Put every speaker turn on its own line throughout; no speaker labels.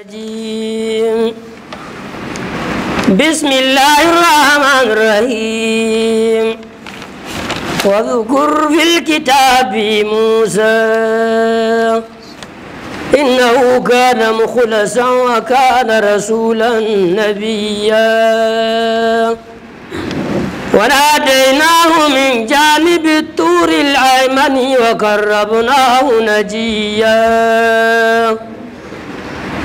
الرجيم بسم الله الرحمن الرحيم واذكر في الكتاب موسى إنه كان مخلصا وكان رسولا نبيا وناديناه من جانب الطور الأيمن وقربناه نجيا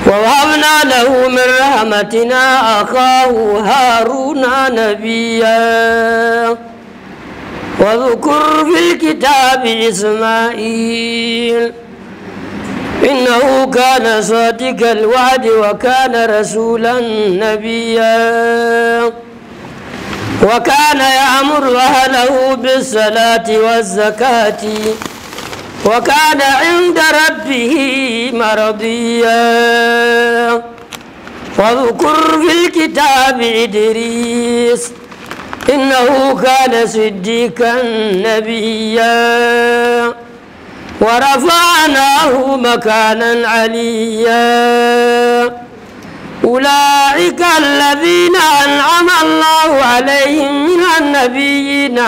ووهبنا له من رحمتنا أخاه هارون نبيا واذكر في الكتاب إسماعيل إنه كان صادق الوعد وكان رسولا نبيا وكان يأمر أهله بالصلاة والزكاة وكان عند ربه مرضيا واذكر في الكتاب إدريس إنه كان صديقا نبيا ورفعناه مكانا عليا أولئك الذين أنعم الله عليهم من النبيين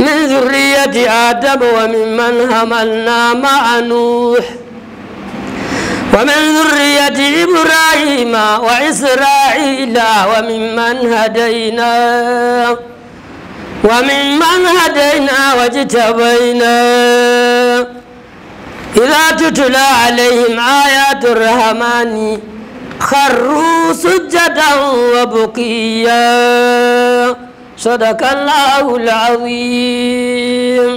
من ذرية آدم وممن هملنا مع نوح ومن ذرية إبراهيم وإسرائيل وممن هدينا وممن هدينا واجتبينا إذا تتلى عليهم آيات الرحمن خروا سجدا وبقيا
صدق الله العظيم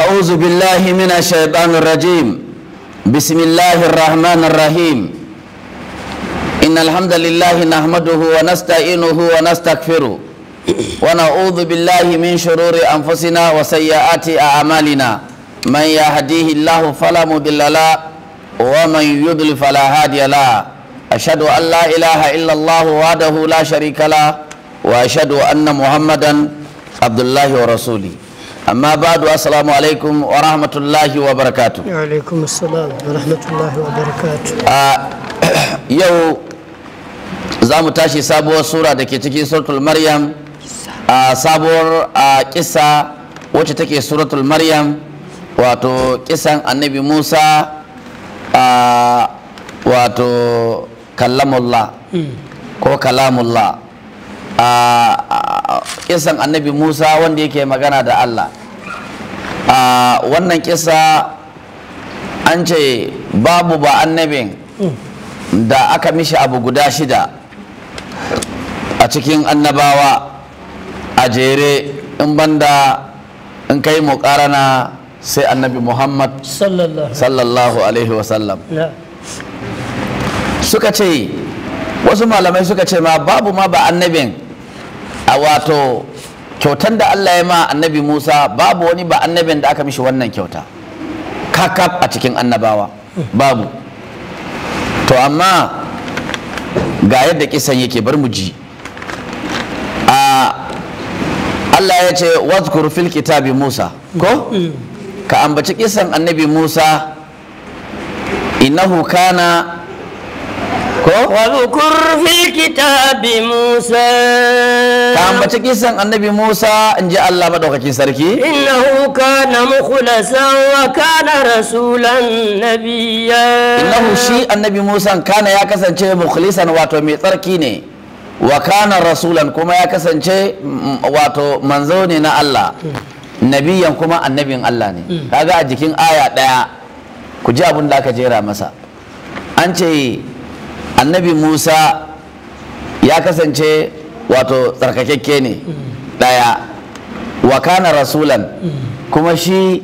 أعوذ بالله من الشيطان الرجيم بسم الله الرحمن الرحيم إن الحمد لله نحمده ونستعينه ونستغفره ونعوذ بالله من شرور أنفسنا وسيئات أعمالنا من يهديه الله فلا مضل له ومن يضلل فلا هادي له أشهد أن لا إله إلا الله وحده لا شريك له وأشهد أن محمدا عبد الله ورسوله أما بعد السلام عليكم ورحمة الله وبركاته
وعليكم السلام ورحمة الله وبركاته
يو zamu tashi sabuwar sura da ke cikin suratul maryam a ah, sabuwar a ah, kisa wacce take suratul maryam wato kisan annabi musa a ah, wato kallamullah hmm. ko kalamullah a kisan annabi musa wanda yake magana da allah wannan kisa an ce babu ba annabin da aka mishi abu guda shida a cikin annabawa a jere in banda in kai mu karana sai annabi muhammad sallallahu alaihi wasallam suka ce wasu malamai suka ce ma babu ma ba annabin a wato kyautan da Allah ya ma annabi Musa babu wani ba annabin da aka mishi wannan kyauta kakaf a cikin annabawa babu to amma ga yadda kisan yake bar mu ji a Allah ya ce wazkur fil kitabi Musa ko mm. ka ambaci kisan annabi Musa innahu kana واذكر في كتاب موسى كان بتكيسن النبي موسى ان جاء الله مدوكاكين سركي انه كان مخلصا وكان رسولا نبيا انه شي النبي موسى كان يا كسانچه مخلصا واتو مي تركي ne wa kana rasulan kuma ya kasance wato manzo ne na Allah nabiyan kuma annabin Allah ne kaga a jikin aya ku ji abin da aka jera masa an ce annabi musa ya kasance wato tsarkakekke ne ɗaya wa kana rasulan kuma shi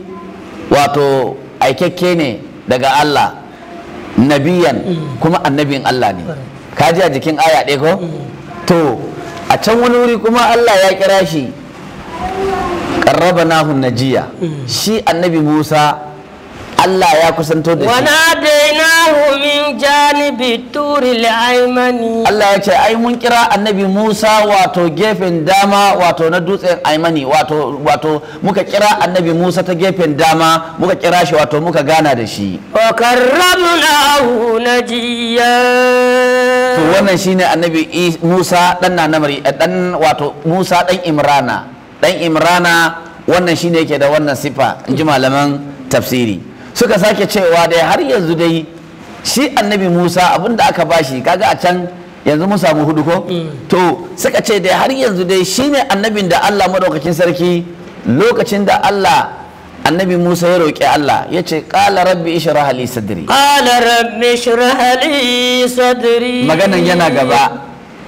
wato aikakke ne daga allah nabiyan kuma annabin allah ne kaji a jikin aya ɗaya ko to a can wani wuri kuma allah ya kira shi ƙarraba nahun najiya shi annabi musa Allah ya kusanto da shi wa nadainahu min janibi turil aimani Allah ya ce ai mun kira annabi Musa wato gefen dama wato na dutsen aimani wato wato muka kira annabi Musa ta gefen dama muka kira shi wato muka gana da shi wa karramnahu najiya to wannan shine annabi Musa dan namari dan eh, wato Musa dan Imrana dan Imrana wannan shine yake da wannan sifa in ji malaman tafsiri suka sake cewa dai har yanzu dai shi annabi musa abin aka bashi kaga a can yanzu mun samu hudu ko mm. to suka ce dai har yanzu dai shi ne annabin da allah madaukakin sarki lokacin da allah annabi musa ya roƙi allah ya ce ƙala rabbi ishrah li sadri ƙala
rabbi ishrah li sadri maganan yana gaba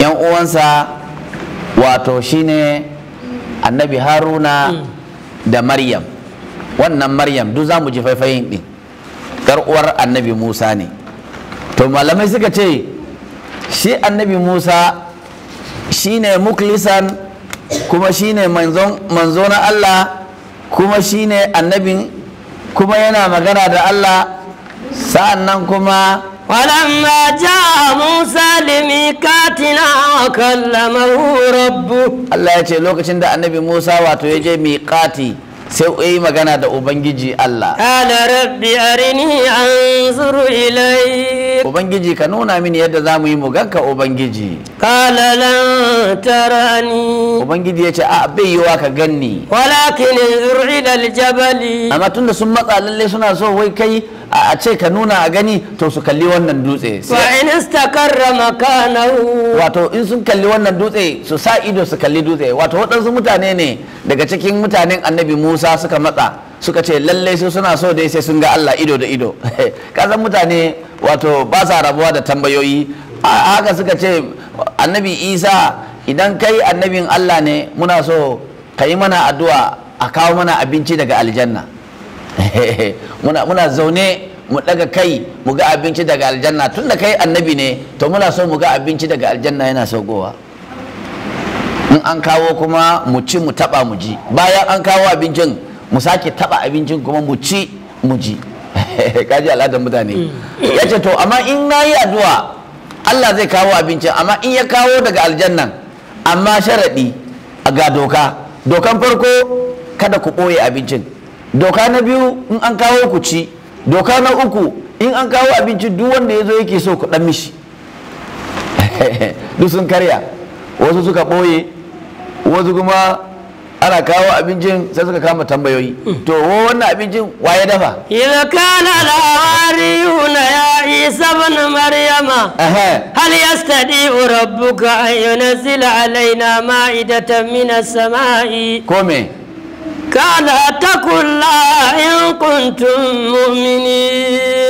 yan uwansa wato shine annabi haruna hmm. da maryam wannan maryam duk za mu ji faifayin ɗin uwar annabi musa ne to malamai suka ce shi annabi musa shine muklisan kuma shine manzo na allah kuma shine annabin kuma yana magana da allah sa'an nan kuma ولما a موسى لميقاتنا وكلمه ربه الله يجي lokacin da annabi Musa wato ya yaje miqati sai yayi magana da ubangiji Allah qala rabbi arini anzuru ilayk ubangiji ka nuna mini yadda za mu yi mu ubangiji qala lan ubangiji yace a bai yiwa ka ganni walakin anzur ila aljabali amma tunda sun matsa lallai suna so wai kai a ce ka nuna a gani to su kalli wannan dutse wato in sun kalli wannan dutse su sa ido su kalli dutse wato waɗansu mutane ne daga cikin mutanen annabi musa suka matsa suka ce lallai su suna so dai sai sun ga allah ido da ido kasan mutane wato ba sa rabuwa da tambayoyi haka suka ce annabi isa idan kai annabin allah ne muna so ka yi mana addu'a a kawo mana abinci daga aljanna muna muna zaune mu daga kai mu ga abinci daga aljanna tunda kai annabi ne to muna so mu ga abinci daga aljanna yana saukowa in an kawo kuma mu ci mu taba mu ji bayan an kawo abincin mu sake taba abincin kuma mu ci mu ji kaji al'adar mutane mm. yace to amma in na yi addu'a Allah zai kawo abincin amma in ya kawo daga aljannan amma sharaɗi ga doka dokan farko kada ku ɓoye abincin doka na biyu in an kawo ku ci doka na uku in an kawo abinci duk wanda ya zo yake so ku dan mishi duk sun karya wasu suka ɓoye wasu kuma ana kawo abincin sai suka kama tambayoyi mm. to wannan abincin wa ya dafa
idza kana al-hawariyuna ya isa ibn maryama hal yastadi'u rabbuka an yunzila alaina ma'idatan minas sama'i ko me كان تكن لا إن كنتم مؤمنين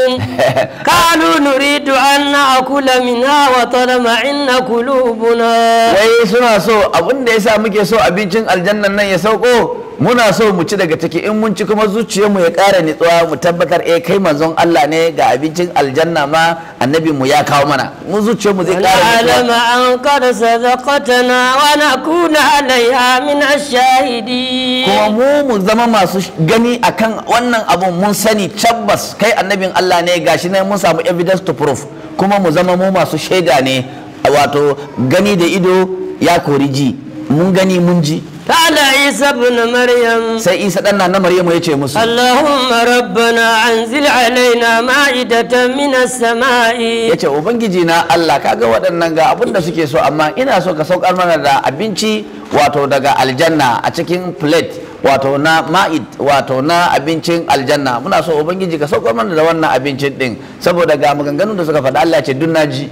قالوا
نريد أن نأكل منها وتطمئن قلوبنا wai suna so abin da yasa muke so abincin aljannan nan ya sauko muna so mu ci daga ciki in mun ci kuma zuciyarmu ya ƙara nitsuwa mu tabbatar eh kai manzon Allah ne ga abincin aljanna ma annabi mu ya kawo mana mu zuciyarmu zai ƙara nitsuwa alama an qad sadaqatana wa nakuna alaiha min ash-shahidi kuma mu mu zama masu gani akan wannan abun mun sani tabbas kai annabin Allah Allah ne gashi nan mun samu evidence to proof kuma mu zama mu masu shaida ne wato gani da ido ya kori ji mun gani mun ji قال isa ابن Maryam. Sai isa ɗan na ya ce musu Allahumma rabbana anzil alaina ma'idatan min as-sama'i yace ubangiji na Allah kaga waɗannan ga abin da suke so amma ina so ka saukar mana da abinci wato daga aljanna a cikin plate wato na ma'id wato na abincin aljanna muna so ubangiji ka saukar mana da wannan abincin din saboda ga maganganun da suka faɗa Allah ce na naji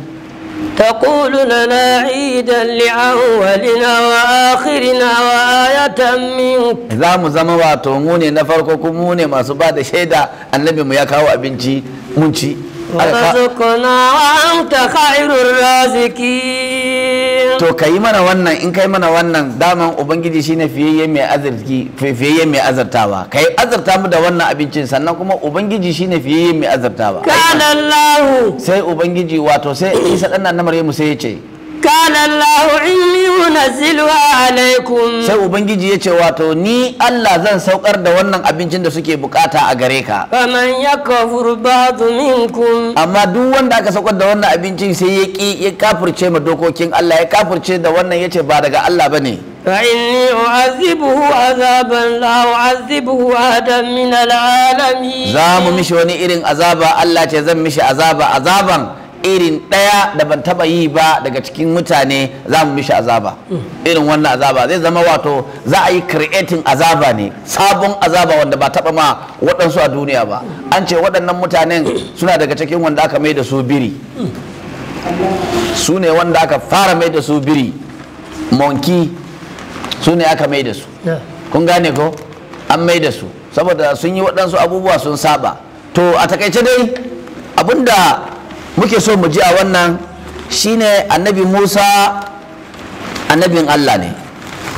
تقول لنا عيدا لأولنا وآخرنا وآية منك za mu zama wato mu ne na farko kuma mu ne masu ba da shaida annabi mu ya kawo abinci mun ci
arzuqna wa anta khairur raziqin
to kai mana wannan in kai mana wannan daman ubangiji shine fiyayye mai azarki fiyayye mai azartawa kai azarta mu da wannan abincin sannan kuma ubangiji shine fiyayye mai azartawa kana Allahu sai ubangiji wato sai Isa dan nan na Maryamu sai ya ce kana Allahu yunazziluha alaikum sai ubangiji ya ce wato ni Allah zan saukar da wannan abincin da suke bukata a gare ka faman yakfur ba'du minkum amma duk wanda aka saukar da wannan abincin sai ya ki ya kafirce ma dokokin Allah ya kafirce da wannan yace ba daga Allah bane fa inni u'azibuhu azaban azibuhu a ahadan min al'alamin za mu mishi wani irin azaba Allah ce zan mishi azaba azaban irin ɗaya da ban taɓa yi ba daga cikin mutane za mu mishi azaba irin wannan azaba zai zama wato za a yi creating azaba ne sabon azaba wanda ba taɓa ma waɗansu a duniya ba an ce waɗannan mutanen suna daga cikin wanda aka mai da su biri su ne wanda aka fara mai da su biri monki su ne aka mai da su kun gane ko an mai da su saboda sun yi waɗansu abubuwa sun saba to a takaice dai abinda muke so mu ji a wannan shine annabi musa annabin allah ne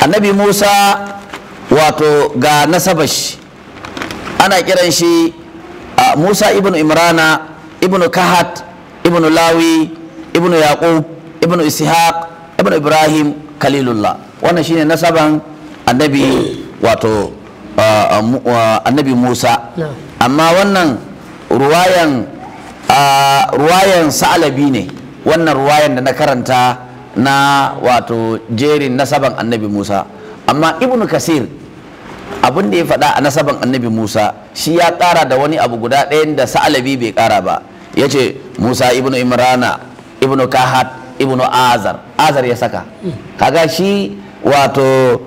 annabi musa wato ga nasabash ana kiran shi musa ibnu imrana ibnu kahat ibnu lawi ibnu yaqub ibnu ishaq ibn ibrahim kalilullah wannan shine nasaban annabi wato annabi musa amma wannan ruwayan a ruwayan sa'alabi ne wannan ruwayan da na karanta na wato jerin nasaban annabi musa amma ibnu kasir abin ya faɗa a nasaban annabi musa shi ya ƙara da wani abu guda ɗayan da sa'alabi bai ƙara ba ya ce musa ibnu imrana ibnu kahat ibnu azar azar ya saka kaga shi wato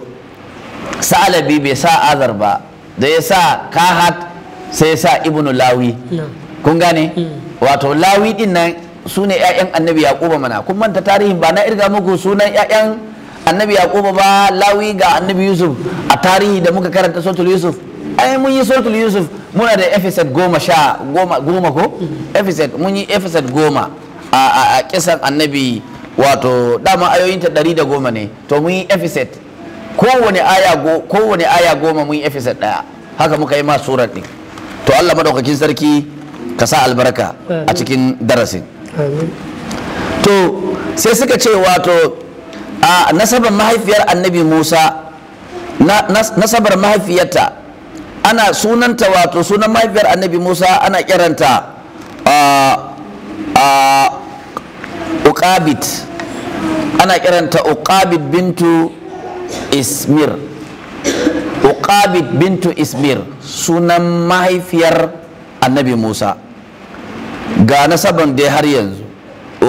sa'alabi bai sa azar ba da ya sa kahat sai ya sa ibnu lawi kun gane mm. wato lawi din nan su ne 'ya'yan annabi yaquba mana kun manta tarihin ba na irga muku sunan 'ya'yan annabi yaquba ba lawi ga annabi yusuf a tarihi da muka karanta suratul yusuf ai mun yi suratul yusuf muna da efeset goma sha goma goma ko efeset mun yi efeset goma a kisan annabi wato dama ayoyinta ɗari da goma ne to mun yi efeset kowane aya kowane aya goma mun yi efeset ɗaya haka muka yi ma surar ɗin to Allah madaukakin sarki ka sa albarka a cikin darasin to sai suka ce wato a nasabar mahaifiyar annabi musa nasabar mahaifiyarta ana sunanta wato sunan mahaifiyar annabi musa ana kiranta a uqabit ana kiranta uqabit bintu ismir uqabit bintu ismir sunan mahaifiyar annabi musa ga nasaban dai har yanzu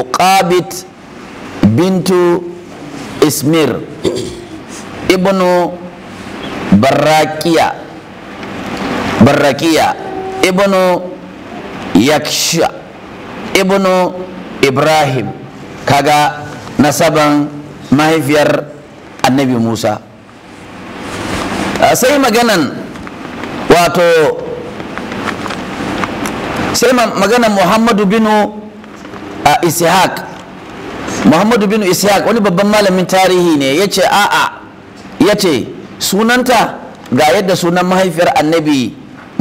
uqabit bintu ismir ibnu barrakiya barrakiya ibnu yaksha ibnu ibrahim kaga nasaban mahaifiyar annabi musa ah, sai maganan wato sai magana muhammadu binu a ishaq muhammadu binu ishaq wani babban malamin tarihi ne ya ce a'a ya ce sunanta ga yadda sunan mahaifiyar annabi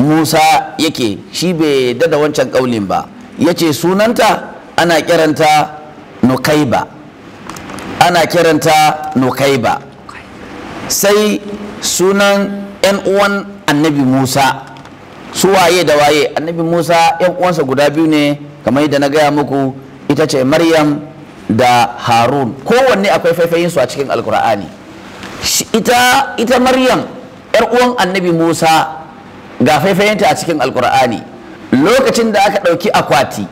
musa yake shi bai dada wancan ƙaunin ba ya ce sunanta ana kiranta nukaiba ana kiranta nukaiba sai sunan 'yan uwan annabi musa su waye da waye annabi musa yan uwansa guda biyu ne kamar yadda na gaya muku ita ce maryam da harun kowanne akwai faifayin su a cikin alkur'ani ita ita maryam yar uwan annabi musa ga faifayinta a cikin alkur'ani lokacin da aka ɗauki akwati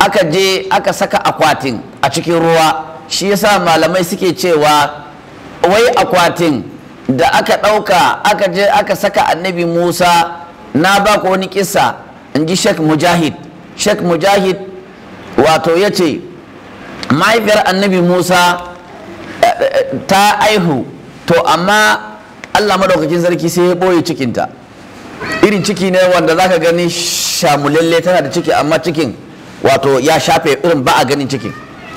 aka je aka saka akwatin a cikin ruwa shi yasa malamai suke cewa wai akwatin da aka ɗauka aka je aka saka annabi musa na ba ku wani kisa in ji shek mujahid shek mujahid wato ya ce mahaifiyar annabi musa eh, eh, ta aihu to amma allah madaukakin sarki sai ya ɓoye cikinta irin ciki ne wanda zaka gani shamulalle tana da ciki amma cikin wato ya shafe irin ba a ganin cikin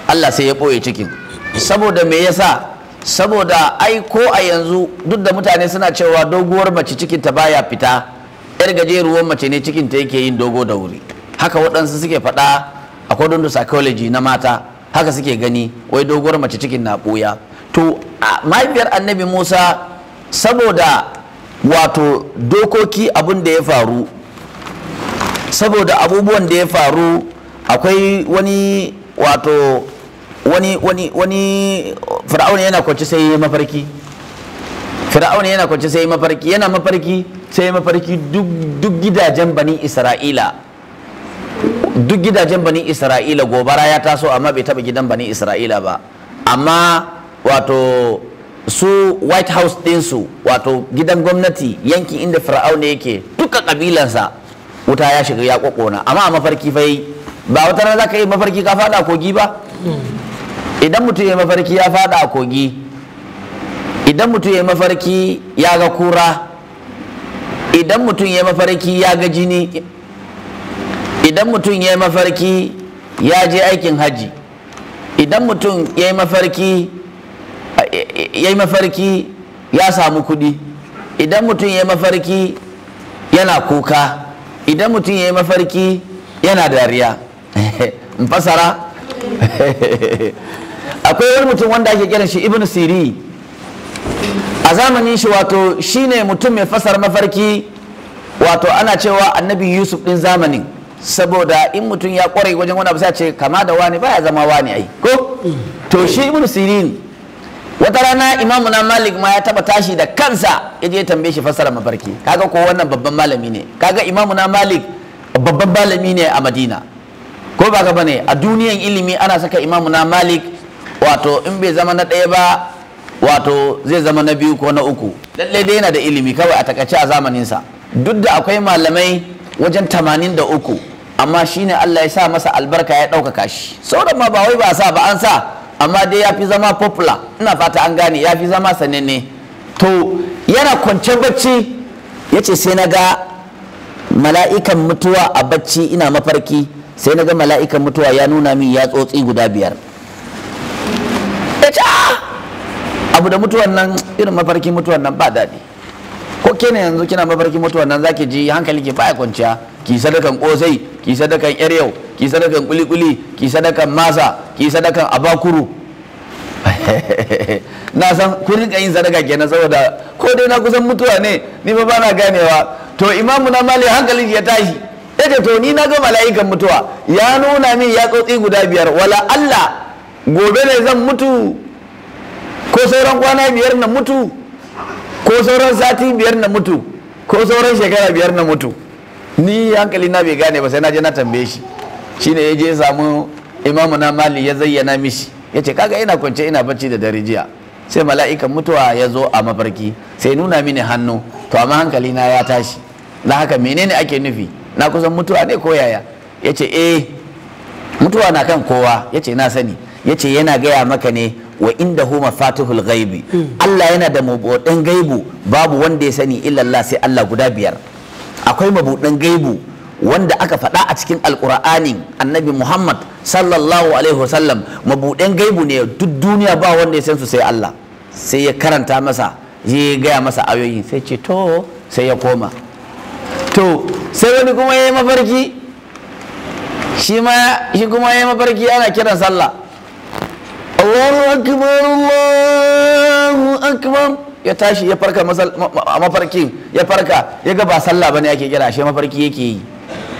allah sai ya ɓoye cikin saboda me yasa saboda ai ko a yanzu duk da mutane suna cewa doguwar mace cikinta baya fita yar gajeruwar mace ne cikin ta yake yin dogo da wuri haka waɗansu suke faɗa a kwadon psychology na mata haka suke gani wai doguwar mace cikin na ɓuya to mahaifiyar annabi musa saboda wato dokoki abin da ya faru saboda abubuwan da ya faru akwai wani wato wani wani wani fir'auna yana kwanci sai ya mafarki fir'auna yana kwance sai mafarki yana mafarki sai mafarki duk gidajen bani isra'ila duk gidajen bani isra'ila gobara ya taso amma bai taba gidan bani isra'ila ba amma wato su white house ɗinsu wato gidan gwamnati yanki inda fir'auna yake duka kabilansa wuta ya shiga ya kokona amma a mafarki fa ba wata rana za ka yi mafarki ka fada kogi ba mm. idan mutum ya mafarki ya fada a kogi idan mutum ya mafarki ya ga kura idan mutum ya mafarki ya ga jini idan mutum ya mafarki ya je aikin haji idan mutum ya mafarki ya mafarki ya samu kudi idan mutum ya mafarki yana kuka idan mutum ya mafarki yana dariya Mfasara. fasara akwai wani mutum wanda ake kiran shi ibn siri a zamanin shi wato shine mutum mai fasar mafarki wato ana cewa annabi yusuf din zamanin saboda in mutum ya kware wajen wani abu sai ce kama da wani baya zama wani ai ko to shi ibn sirin wata rana imamu na malik ma ya taba tashi da kansa ya je tambaye shi fasara mafarki kaga ko wannan babban malami ne kaga imamu na malik babban malami ne a madina ko ba ka bane a duniyan ilimi ana saka imamu na malik wato in bai zama na ɗaya ba wato zai zama na biyu ko na uku lallai dai yana da ilimi kawai a takaice a zamaninsa duk da akwai malamai wajen tamanin da uku amma shine Allah ya sa masa albarka ya ɗaukaka shi sauran ma ba wai ba sa ba an sa amma dai ya fi zama popular ina fata an gane ya fi zama sananne to yana kwance bacci ya ce sai na ga mala'ikan mutuwa a bacci ina mafarki sai na ga mala'ikan mutuwa ya nuna min ya tsotsi guda biyar abu da mutuwan nan irin mafarkin mutuwan nan ba daɗi ko ne yanzu kina mafarkin mutuwan nan zaki ji hankali ke baya kwanciya ki sadakan kosai ki sadakan yar yau ki sadakan kulikuli ki sadakan masa ki sadakan abakuru na san ku rika yin sadaka kenan saboda ko dai na kusan mutuwa ne ni ba bana ganewa to imamu na mali hankali ya tashi yace to ni na ga mala'ikan mutuwa ya nuna min ya tsotsi guda biyar wala Allah gobe ne zan mutu ko sauran kwana biyar na mutu ko sauran sati biyar na mutu ko sauran shekara biyar na mutu ni hankali na bai gane ba sai na je na tambaye shi shi ne ya je samu imamu na mali ya zayyana mishi ya ce kaga ina kwance ina bacci da dare jiya sai mala'ikan mutuwa ya zo a mafarki sai nuna mini hannu to amma hankali na ya tashi na haka menene ake nufi na kusan mutuwa ne ko yaya ya ce eh mutuwa na kan kowa ya ce na sani ya ce yana gaya maka ne wa inda hu mafatihul ghaibi Allah yana da mabuɗin gaibu babu wanda ya sani illallah sai Allah guda biyar akwai mabuɗin gaibu wanda aka faɗa a cikin alƙur'anin annabi muhammad sallallahu alaihi wasallam mabuɗin gaibu ne duk duniya ba wanda ya san su sai Allah sai ya karanta masa ya gaya masa ayoyi sai ce to sai ya koma to sai wani kuma ya yi mafarki shi kuma ya yi mafarki ana kiran sallah Allahu akbar Allahu akbar ya tashi ya farka mafarkin ya farka ya ga ba sallah bane yake kira shi mafarki yake yi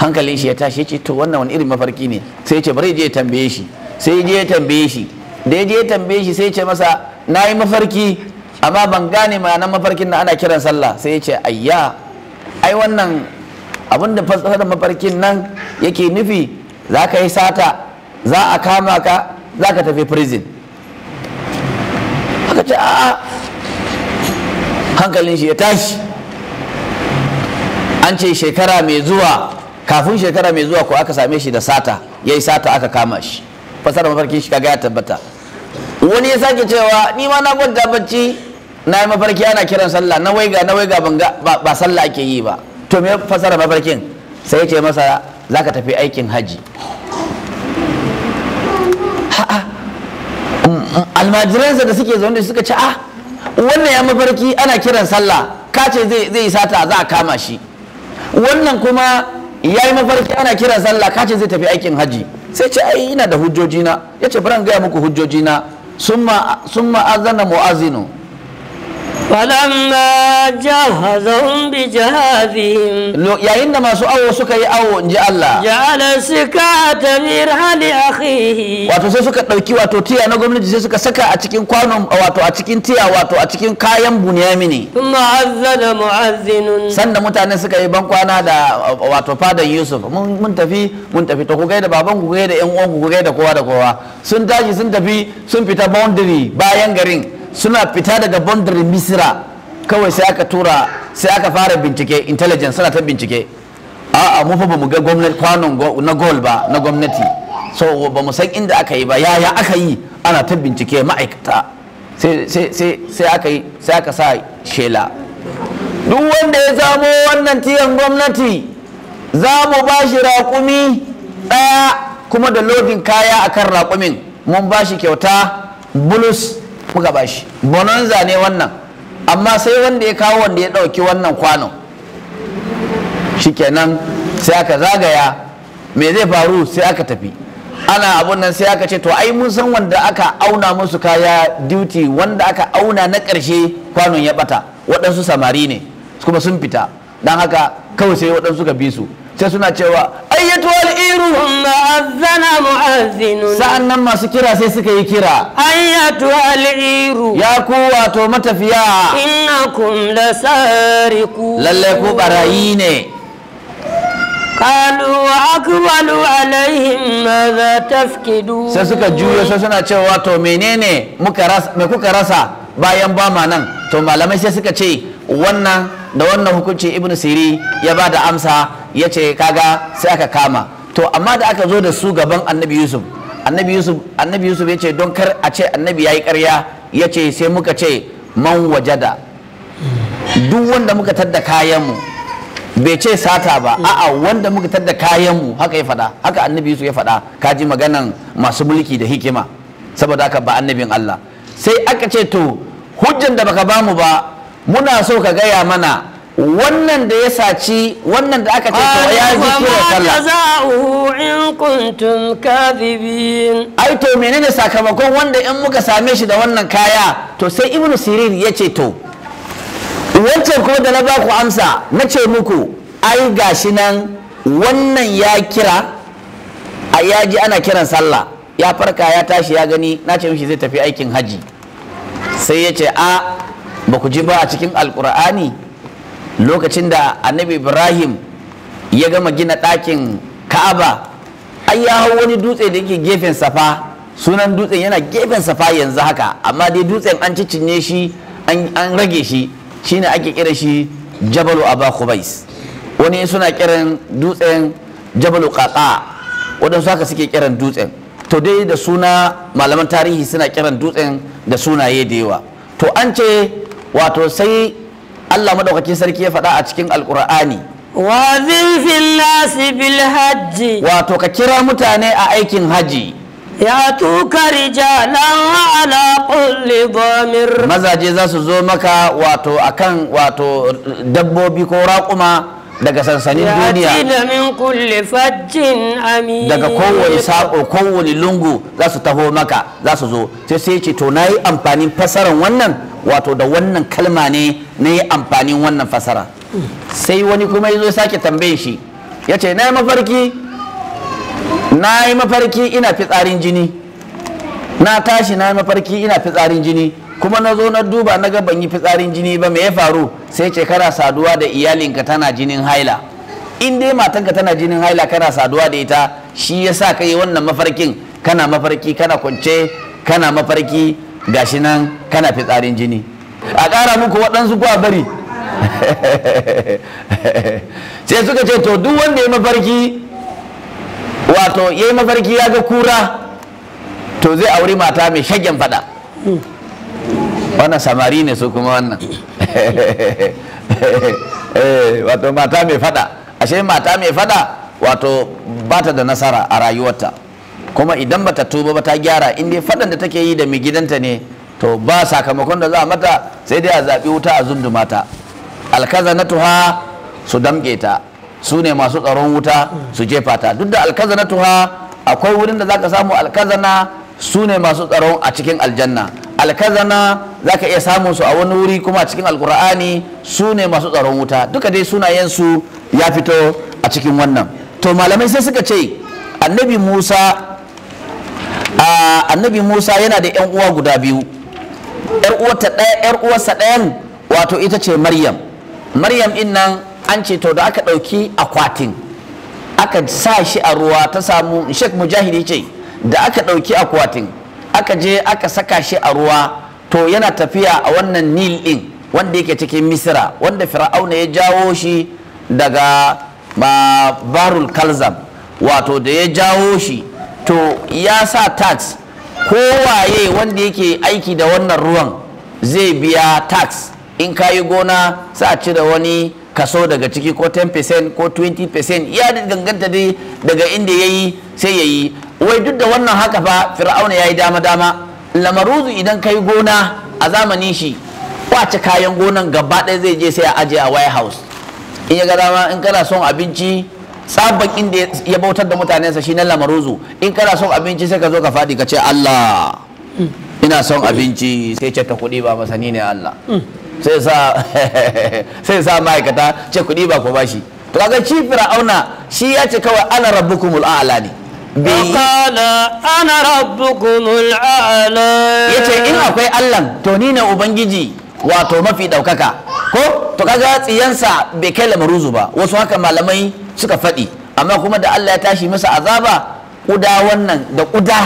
hankalin shi ya tashi yace to wannan wani irin mafarki ne sai ya ce bari je ya tambaye shi sai je ya tambaye shi da ya je ya tambaye shi sai ya ce masa nayi mafarki amma ban gane ma'anar mafarkin nan ana kiran sallah sai ya ce ayya ai wannan abin da fasarar mafarkin nan yake nufi za ka yi sata za a kama ka za ka tafi prison aka ce a hankalin shi ya tashi an ce shekara mai zuwa kafin shekara mai zuwa ko aka same shi da sata ya yi sata aka kama shi fasara mafarkin shi kaga ya tabbata wani ya sake cewa ni ma na gwada bacci na yi mafarki ana kiran sallah na waiga na waiga ba sallah ake yi ba to me fasara mafarkin sai ya ce masa za ka tafi aikin haji almajiransa da suke zaune suka ce ah wannan ya mafarki ana kiran sallah kace zai yi sata za a kama shi wannan kuma ya yi mafarki ana kiran sallah kace zai tafi aikin haji sai ce ai ina da hujjojina ya ce bari gaya muku hujjojina summa azana mu'azinu falamma jahazahum bi jahazihim yayin da masu awo suka yi awo in ji Allah suka sikata bir hali akhihi wato sai suka dauki wato tiya na gwamnati sai suka saka a cikin kwano wato a cikin tiya wato a cikin kayan ne. bunyamini thumma azzana mu'azzinun sanda mutane suka yi bankwana da wato fadan Yusuf mun tafi mun tafi to ku gaida baban ku gaida yan uwan ku gaida kowa da kowa sun tashi sun tafi sun fita boundary bayan garin suna fita daga boundary misira kawai sai aka tura sai aka fara bincike intelligence suna ta bincike a'a mu fa ba mu ga gwamnati kwanon na gol ba na gwamnati so ba mu san inda aka yi ba yaya aka yi ana ta bincike ma'aikata sai aka yi sai aka sa shela duk wanda ya zamo wannan tiyan gwamnati za mu ba shi raƙumi ɗaya kuma da lodin kaya akan raƙumin mun ba shi kyauta bulus muka shi bonanza ne wannan amma sai wanda ya kawo wanda ya ɗauki wannan kwanon shikenan sai aka zagaya me zai faru sai aka tafi ana abun nan sai aka ce to ai mun san wanda aka auna musu kaya duty wanda aka auna na ƙarshe kwanon ya bata waɗansu samari ne kuma sun fita don haka kawai sai waɗansu ka bi su sai suna cewa ayyatuwal iru ma'azzana mu'azzinun sa'an nan masu kira sai suka yi kira ayyatuwal iru ya ku wato matafiya
innakum lasariku lalle ku barayi ne
kalu wa akbalu alaihim madha tafkidu sai suka juyo sai suna cewa to menene me kuka rasa bayan ba ma nan to malamai sai suka ce wannan da wannan hukunci ibnu siri ya ba da amsa ya ce kaga sai aka kama to amma da aka zo da su gaban annabi yusuf annabi yusuf annabi yusuf ya ce don kar a ce annabi ya yi karya ya ce sai muka ce man wajada duk wanda muka tadda kayanmu bai ce sata ba a'a wanda muka tadda kayanmu haka ya faɗa haka annabi yusuf ya faɗa kaji maganan masu mulki da hikima saboda haka ba annabin allah sai aka ce to hujjan da baka bamu ba muna so ka gaya mana wannan da ya saci wannan da aka ce ya ji kiran sallah ai to menene sakamakon wanda in muka same shi da wannan kaya to sai ibnu Sirir ya ce to wancan ko da na ba ku amsa na ce muku ai gashi nan wannan ya kira a ya ana kiran sallah ya farka ya tashi ya gani na ce mishi zai tafi aikin haji sai ya ce a ba ku ji ba a cikin alkur'ani lokacin da annabi ibrahim ya gama gina ɗakin ka'aba ai ya hau wani dutse da yake gefen safa sunan dutsen yana gefen safa yanzu haka amma dai dutsen an ciccinye shi an rage shi shine ake kira shi jabalu aba khubais wani suna kiran dutsen jabalu Kaka, waɗansu haka suke kiran dutsen to dai da suna malaman tarihi suna kiran dutsen da sunaye da yawa to an ce wato sai Allah madaukakin sarki ya faɗa a cikin alkur'ani
wazin fillasi bil hajji
wato ka kira mutane a aikin haji ya tuka rijalan ala kulli dhamir mazaje za su zo maka wato akan wato dabbobi ko raƙuma daga sansanin duniya
daga kowane sako
kowane lungu za su taho maka za su zo sai sai ce to na yi amfanin fasarar wannan wato da wannan kalma ne na yi amfanin wannan fasara sai wani kuma ya zo sake tambayin shi ya ce na yi mafarki na yi mafarki ina fitsarin jini na tashi na yi mafarki ina fitsarin jini kuma na zo na duba na ga ban yi fitsarin jini ba me ya faru sai ce kana saduwa da iyalinka tana jinin haila in dai matanka tana jinin haila kana saduwa da ita shi ya sa ka yi wannan mafarkin kana mafarki kana kwance kana mafarki gashi nan kana fitsarin jini a ƙara muku waɗansu ko bari sai suka ce to duk wanda ya mafarki wato ya yi mafarki ya ga kura to zai auri mata mai shagen faɗa. wannan samari ne su kuma wannan eh, wato mata mai fada ashe mata mai fada wato bata da nasara a rayuwarta kuma idan bata tuba ba ta gyara inda dai fadan da take yi da mai gidanta ne to ba sakamakon da za mata sai dai a zaɓi wuta a zundumata. alkaza na tuha su damƙe ta su ne masu tsaron wuta su jefa ta duk da alkaza na tuha akwai wurin da za ka samu alkazana su ne masu tsaron a cikin aljanna alkazana za ka iya samun su a wani wuri kuma cikin alkur'ani su ne masu tsaron wuta duka dai sunayensu ya fito a cikin wannan to malamai sai suka ce annabi musa musa yana da yan uwa guda biyu yar uwarsa ɗayan wato ita ce maryam maryam in nan an ce to da aka ɗauki akwatin aka sa shi a ruwa ta samu shek mujahidi ce da aka ɗauki akwatin aka je aka saka shi a ruwa to yana tafiya a wannan nil din wanda yake cikin misira wanda fir'auna ya jawo shi daga barul kalzam wato da ya jawo shi to ya sa tax kowaye wanda yake aiki da wannan ruwan zai biya tax in ka yi gona sa da wani kaso daga ciki ko 10% ko 20% ya danganta dai daga inda ya sai ya yi wai duk da wannan haka fa fir'auna ya yi dama dama lamaruzu idan kai gona a zamanin shi kwace kayan gonan gaba ɗaya zai je sai a aje a white house in ya ga dama in kana son abinci sabon inda ya bautar da sa shi na lamaruzu in kana son abinci sai ka zo ka faɗi ka ce allah ina son abinci sai ce ta kuɗi ba masani ne allah hmm. sai sa sai sa ma'aikata ce kuɗi ba ko bashi to kaga chief fir'auna shi ya ce kawai ana rabbukumul a'la ne وقال أنا ربكم الأعلى yace in akwai Allah to ni ubangiji wato mafi ɗaukaka ko to ga tsiyansa bai kai lamaruzu ba wasu haka malamai suka faɗi amma kuma da Allah ya tashi masa azaba ƙuda wannan da ƙuda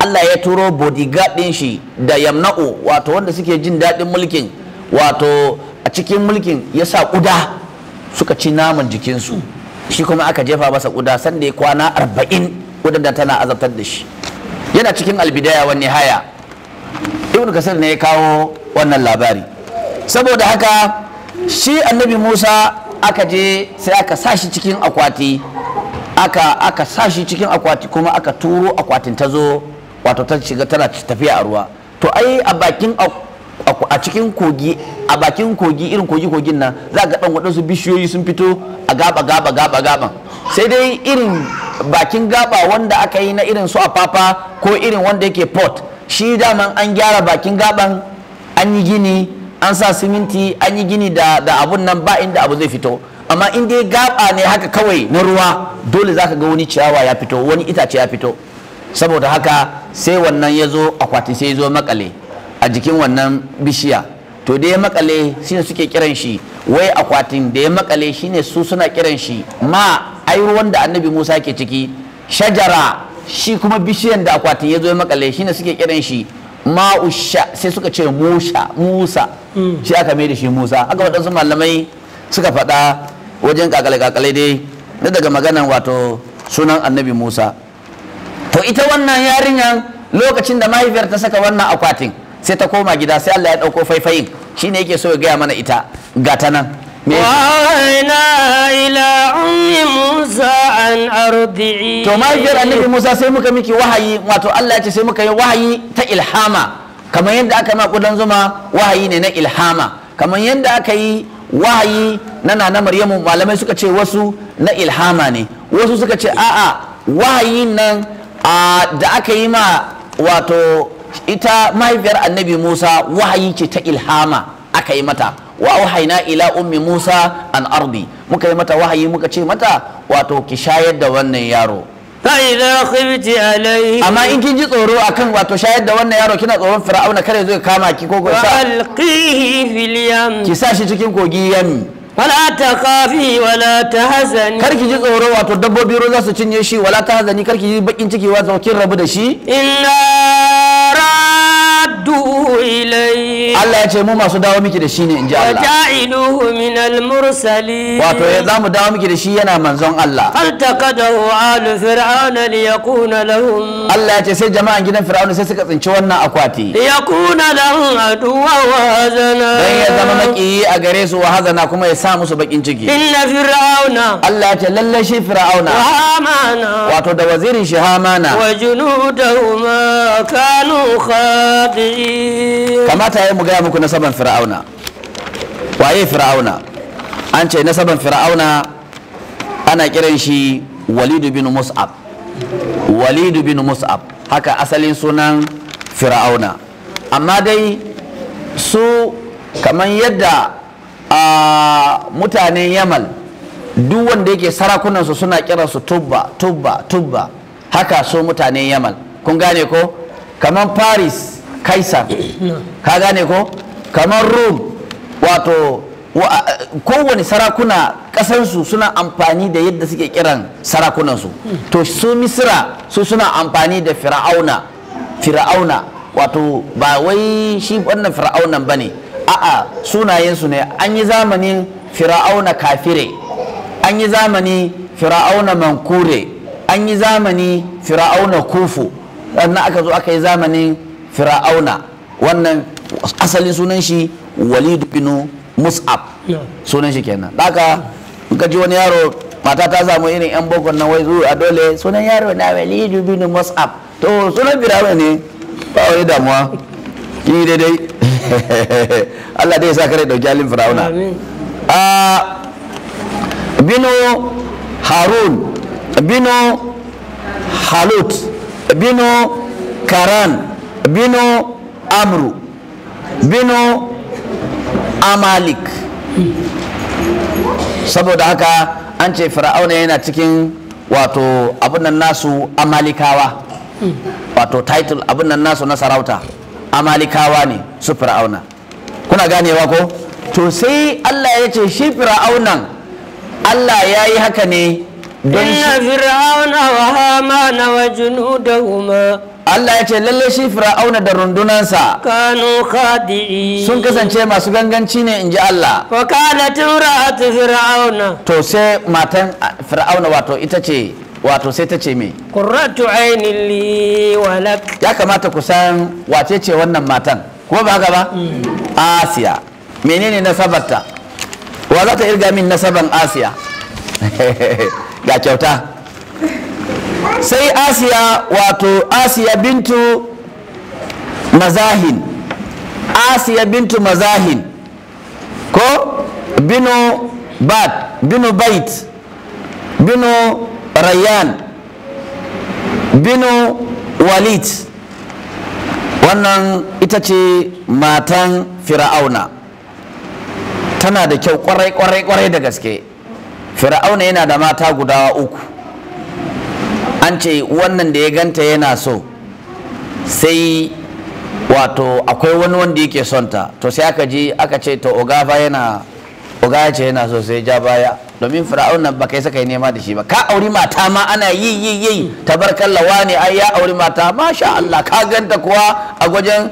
Allah ya turo bodyguard ɗin shi da yamna'u wato wanda suke jin daɗin mulkin wato a cikin mulkin ya sa ƙuda suka ci naman jikinsu shi kuma aka jefa masa ƙuda sanda ya kwana arba'in wadanda tana azabtar da shi yana cikin albidaya wa haya. ibn kasir ne ya kawo wannan labari saboda haka shi annabi musa aka je sai aka sa shi cikin akwati aka aka sa cikin akwati kuma aka turo akwatin ta zo wato ta shiga tana tafiya a ruwa to ai a bakin a cikin kogi a bakin kogi irin kogi kogin nan za ga dan waɗansu bishiyoyi sun fito a gaba gaba gaba gaba sai dai irin bakin gaba wanda aka yi na irin su a papa ko irin wanda yake port shi daman an gyara bakin gaban an yi gini an sa siminti an yi gini da, da abun nan ba inda abu zai fito amma in dai gaba ne haka kawai na ruwa dole za ka ga wani ciyawa ya fito wani itace ya fito saboda haka sai wannan ya zo akwatin sai ya zo makale a jikin wannan bishiya to da ya makale shine suke kiran shi wai akwatin da ya makale shine su suna kiran shi ma ai ruwan da annabi Musa ke ciki shajara shi kuma bishiyan da akwatin ya zo ya makale shine suke kiran shi ma'usha sai suka ce musha musa mm. shi aka mai da shi musa haka waɗansu malamai suka faɗa wajen kakale-kakale dai na daga maganan wato sunan annabi musa to ita wannan yarinyar lokacin da mahaifiyar ta saka wannan akwatin sai ta koma gida sai Allah ya ɗauko faifayin shine yake so ya gaya mana ita ga ta nan وأنا إلى أم موسى an to mahaifiyar annabi Musa sai muka miki wahayi wato Allah ya ce sai muka yi wahayi ta ilhama kamar yadda aka ma kudan zuma wahayi ne na ilhama kamar yadda aka yi wahayi na nana Maryamu malamai suka ce wasu na ilhama ne wasu suka ce a'a wahayi nan da aka yi ma wato ita mahaifiyar annabi musa wahayi ce ta ilhama aka yi mata wa wahaina ila ummi musa an ardi muka yi mata wahayi muka ce mata wato ki shayar da wannan yaro amma in kin ji tsoro akan wato shayar da wannan yaro kina tsoron fir'auna kare zai kama ki ko ki sa shi cikin kogi yami wala ta kafi wala ta hazani karki ji tsoro wato dabbobi ruwa za su cinye shi wala ta hazani karki ji bakin ciki wato kin rabu da shi inna raddu ilai Allah ya ce
mu masu dawo miki da shi ne inji Allah ta'iluhu min al-mursalin wato ya zamu dawo miki
da shi yana manzon Allah faltakadahu alu fir'auna liyakuna lahum Allah ya ce sai jama'an gidan fir'auna sai suka tsinci wannan akwati liyakuna lahum aduwa wa hazana dan ya zama maki a gare su wa hazana kuma ya sa musu bakin ciki inna fir'auna Allah ya ce lalle shi fir'auna wa
hamana
wato da wazirin shi hamana wa junudahuma kanu khadi Kamata mu كما تهي مقامك nasaban firauna? waye fir'auna an ce nasaban fir'auna ana kiran shi walidu bin mus'ab walidu bin mus'ab haka asalin sunan fir'auna amma dai su kamar yadda a mutanen yamal duk wanda yake sarakunansu suna kiransu tubba tubba tubba haka su mutanen yamal kun gane ko kamar paris kaisar ka gane ko kamar rum wato kowane sarakuna kasansu suna amfani da yadda suke kiran sarakunansu to su misira su suna amfani da fir'auna fir'auna wato ba wai shi wannan fir'aunan ba ne a'a sunayensu ne an yi zamanin fir'auna kafire an yi zamani fir'auna mankure an yi zamani fir'auna kufu sannan aka zo aka yi zamanin fir'auna wannan asalin sunan shi walid bin mus'ab sunan shi kenan daga ga ji wani yaro mata ta samu irin yan boko nan wai zuwa dole sunan yaro na walid bin mus'ab to sunan fir'auna ne ba wani damuwa dai daidai Allah dai ya sa kare dauki alin fir'auna a ah, binu harun binu halut binu karan binu amru binu amalik saboda haka an ce fir'auna yana cikin wato abunan nasu amalikawa wato title abunan nasu na sarauta amalikawa ne su fir'auna kuna ganewa ko to sai allah ya ce shi fir'aunan allah ya
yi haka ne inna fir'auna wa hamana wa junudahuma
Allah ya ce lalle shi fir'auna da rundunansa kanu khadi'i sun kasance masu ganganci ne inji Allah wa kanat imra'atu fir'auna to sai matan fir'auna wato ita ce wato sai ta ce me qurratu aini li wa lak ya kamata ku san wace ce wannan matan ko ba haka ba mm. Asiya menene nasabarta wa za ta irga min nasaban Asiya ga kyauta sai asiya wato asiya bintu mazahin asiya bintu mazahin ko binu bat binu bait binu rayyan binu walid wannan ita ce matan fir'auna tana da kyau kwarai kwarai kwarai da gaske fir'auna yana da mata guda uku an ce wannan da ya ganta yana so sai wato akwai wani wanda yake son ta to sai aka ji aka ce to ogafa yana oga ce yana so sai ja baya domin fir'auna ba kai saka nema da shi ba ka auri mata ma ana yi yi yi tabarkallawa ne ai ya auri mata masha Allah ka ganta kuwa a gwajen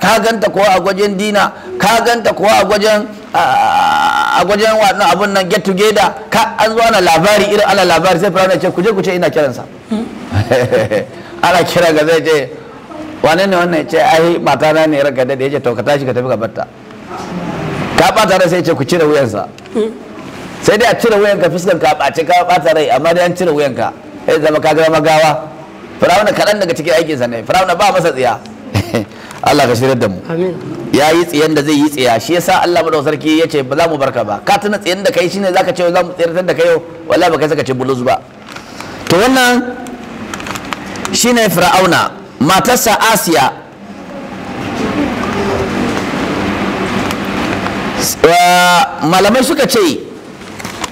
ka ganta kuwa a gwajen dina ka ganta kuwa a gwajen a wajen wannan abun nan get together ka an zuwa na labari irin ana labari sai firawuna ce kuje kuce ina kiransa ana kira ga zai ce wane ne wannan ce ai mata na ne ranka da yake ce to ka tashi ka tafi ka batta ka bata rai sai ce ku cire wuyansa sai dai a cire wuyanka fuskar ka ɓace ka bata rai amma dai an cire wuyanka sai zama ka ga magawa firawuna kaɗan daga cikin aikinsa ne firawuna ba masa tsiya Allah ka shirya da mu ya yi tsayen da zai yi tsaya shi yasa Allah madawar sarki ya ce ba za mu barka ba ka tana tsayen da kai shine ka ce za mu tsayar da kai yau ba kai saka ce buluz ba to wannan shine fir'auna matarsa asiya eh, malamai suka ce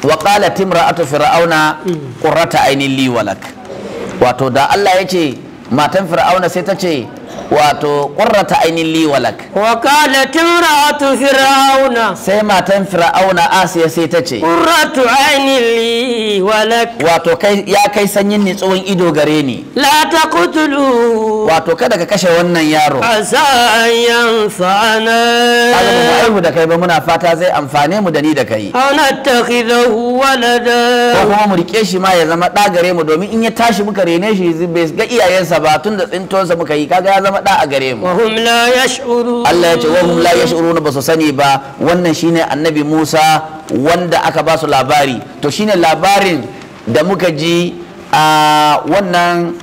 wa qala timra'atu fir'auna mm. qurrata ainin li walak wato da Allah ya ce matan fir'auna sai ta ce wato ƙurrata ainin liwalak walak wa qalat imra'atu fir'auna sai matan fir'auna asiya sai ta ce ƙurratu ainin li walak wato kai ya kai sanyin ne tsohon ido gare ni la taqtulu wato kada ka kashe wannan yaro asa an mu da kai ba muna fata zai amfane mu da ni da kai an takhidahu walada ko kuma mu rike shi ma ya zama da gare mu domin in ya tashi muka rene shi bai ga iyayensa ba tunda da tsintonsa muka yi kaga ya zama da a gare mu wahum la yash'uru Allah ya ce wahum la yash'urun ba su sani ba wannan shine annabi Musa wanda aka ba su labari to shine labarin da muka ji a wannan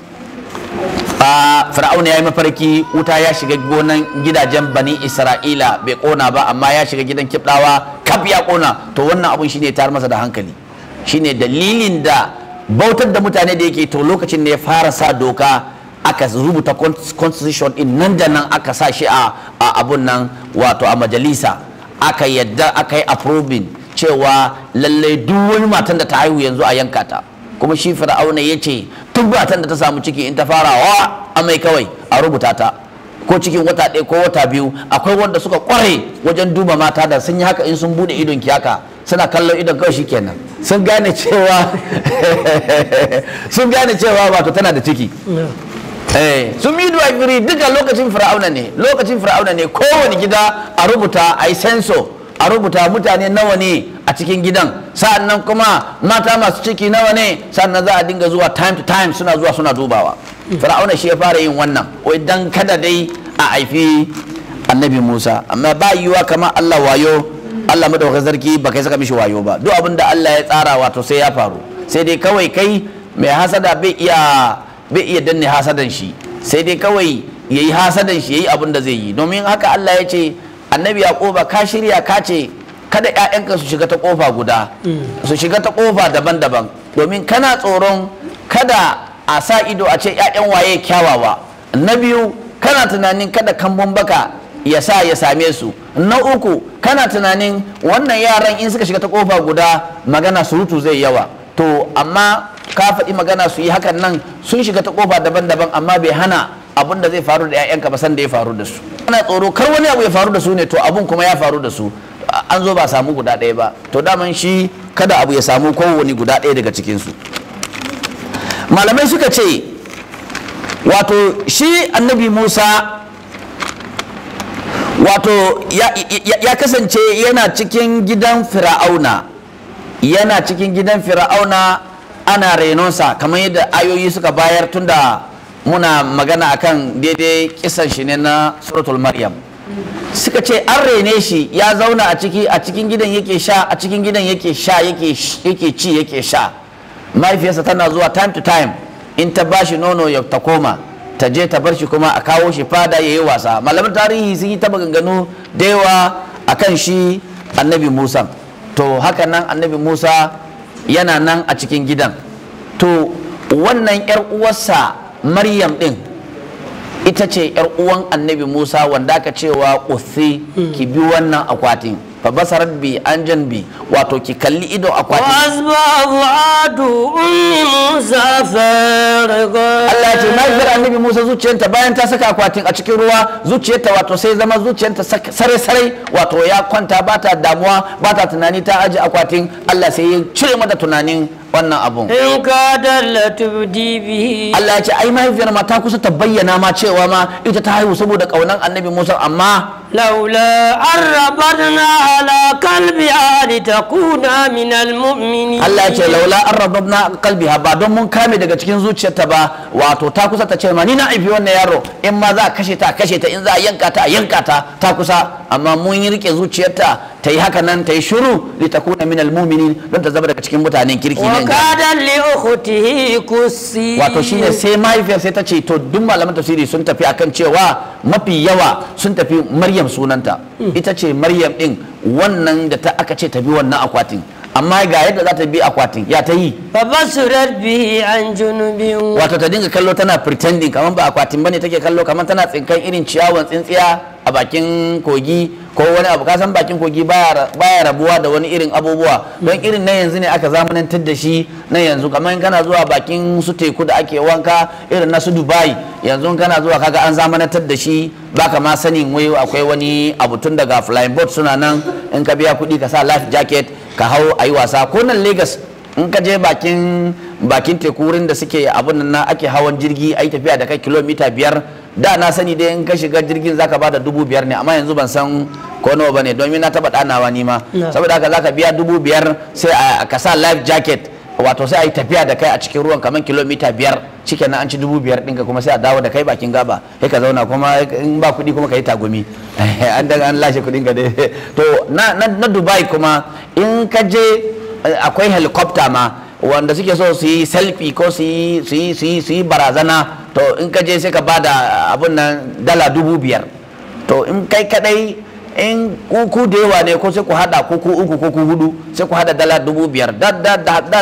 fir'auna ya yi mafarki wuta ya shiga gonan gidajen bani isra'ila bai kona ba amma ya shiga gidan kibdawa kaf ya kona to wannan abun shine tar masa da hankali shine dalilin da bautar da mutane da yake to lokacin da ya fara sa doka aka rubuta constitution in nan da nan aka sa shi a abun nan wato a majalisa aka yadda aka yi approving cewa lallai duk wani matan da ta haihu yanzu a yanka ta kuma shi fir'auna ya ce tun matan da ta samu ciki in ta fara wa amai kawai a rubuta ta ko cikin wata ɗaya ko wata biyu akwai wanda suka kware wajen duba mata da sun yi haka in sun bude idon ki haka suna kallon idon kawai shikenan sun gane cewa sun gane cewa wato tana da ciki eh, Sun su midwifery duka lokacin fir'auna ne lokacin fir'auna ne kowane gida a rubuta a yi senso a rubuta mutane nawa ne a cikin gidan sa'annan kuma mata masu ciki nawa ne sa'annan za a dinga zuwa time to time suna zuwa suna dubawa fir'auna shi ya fara yin wannan wai dan kada dai a haifi annabi musa amma ba yiwa kamar allah wayo allah madaukakin sarki ba kai saka mishi wayo ba duk abin da allah ya tsara wato sai ya faru sai dai kawai kai mai hasada bai iya bai iya danne hasadan shi sai dai kawai yayi hasadan shi yayi abin da zai yi domin haka allah ya ce annabi yaquba ka shirya ka ce kada ƴaƴanka su shiga ta kofa guda su shiga ta kofa daban-daban domin kana tsoron kada a sa ido a ce ƴaƴan waye kyawawa na biyu kana tunanin kada kambun baka ya sa ya same su na uku kana tunanin wannan yaran in suka shiga ta kofa guda magana surutu zai yawa to amma ka faɗi magana su yi hakan nan sun shiga ta kofa daban-daban amma bai hana abin da zai faru da 'ya'yanka ba san da ya faru da su ana tsoro kar wani abu ya faru da su ne to abun kuma ya faru da su an zo ba samu guda ɗaya ba to daman shi kada abu ya samu kowane guda ɗaya daga cikinsu malamai suka ce wato shi annabi musa wato ya, ya, ya kasance yana cikin gidan fir'auna yana cikin gidan fir'auna ana renonsa kamar yadda ayoyi suka bayar tunda muna magana akan daidai kisan shi ne na suratul maryam suka ce an rene shi ya zauna a ciki a cikin gidan yake sha a cikin gidan yake sha yake ci yake sha mahaifiyarsa tana zuwa time to time in ta bashi nono ya ta koma ta je ta bar shi kuma a kawo shi fada ya yi wasa malaman tarihi sun yi ta maganganu da yawa a kan shi annabi musa to haka nan annabi musa yana nan a cikin gidan to wannan 'yar uwarsa maryam din ita ce yar uwan annabi musa wanda ka cewa uthi ki bi wannan akwatin fa basarat bi an jan bi wato ki kalli ido akwatin Allah ce mahaifiyar annabi musa zuciyarta bayan ta saka akwatin a cikin ruwa zuciyarta wato sai zama zuciyarta sare-sare wato ya kwanta bata damuwa bata tunani ta aji akwatin Allah sai ya cire mata tunanin wannan abun in ka tubdi dibi Allah ya ce ai mahaifiyar ma ta kusa ta bayyana ma cewa ma ita ta haihu saboda kaunan annabi Musa amma laula arrabatna ala
qalbiha litakuna min almu'minin Allah ya ce laula
arrabatna qalbiha ba don mun kame daga cikin zuciyarta ba wato ta kusa ta ce ma ni na aifi wannan yaro in ma za a kashe ta kashe ta in za a yanka ta yanka ta ta kusa amma mun yi rike zuciyarta ta yi haka nan ta yi shuru li kuna min almu'minin don ta zama daga cikin mutanen kirki ne wakadan li ukhtihi kusi wato shine sai mahaifiyar sai ta ce to duk malaman tafsiri sun tafi akan cewa mafi yawa sun tafi maryam sunanta mm. ita ce maryam din wannan da ta aka ce ta bi wannan akwatin amma ga yadda za ta bi akwatin ya ta yi surar bihi an junubin wato ta dinga kallo tana pretending kamar ba akwatin bane take kallo kamar tana tsinkan irin ciyawan tsintsiya a bakin kogi ko wani abu kasan bakin kogi baya rabuwa da wani irin abubuwa don irin na yanzu ne aka zamanantar da shi na yanzu kamar in kana zuwa bakin su teku da ake wanka irin na su dubai yanzu kana zuwa kaga an zamanantar da shi baka ma sanin wai akwai wani abu tun daga flying boat suna nan in ka biya kuɗi ka sa life jacket ka hau a yi wasa ko nan lagos in ka je bakin bakin teku wurin da suke abin nan ake hawan jirgi ai tafiya da kai kilomita biyar da na sani dai in ka shiga jirgin zaka bada dubu biyar ne amma yanzu ban san ko nawa bane domin na taba danawa ni ma saboda haka zaka biya dubu biyar sai ka sa life jacket wato sai a yi tafiya da kai a cikin ruwan kaman kilomita biyar cikin an ci dubu biyar ɗinka kuma sai a dawo da kai bakin gaba sai ka zauna kuma in ba kuɗi kuma ka yi tagumi an daga an lashe kuɗin ka dai to na dubai kuma in ka je akwai helikopta ma wanda suke so su yi selfie ko su yi barazana to in ka je sai ka bada abun nan dala dubu biyar to in kai kadai in kuku da yawa ne ko sai ku hada kuku uku kuku hudu sai ku hada dala dubu biyar da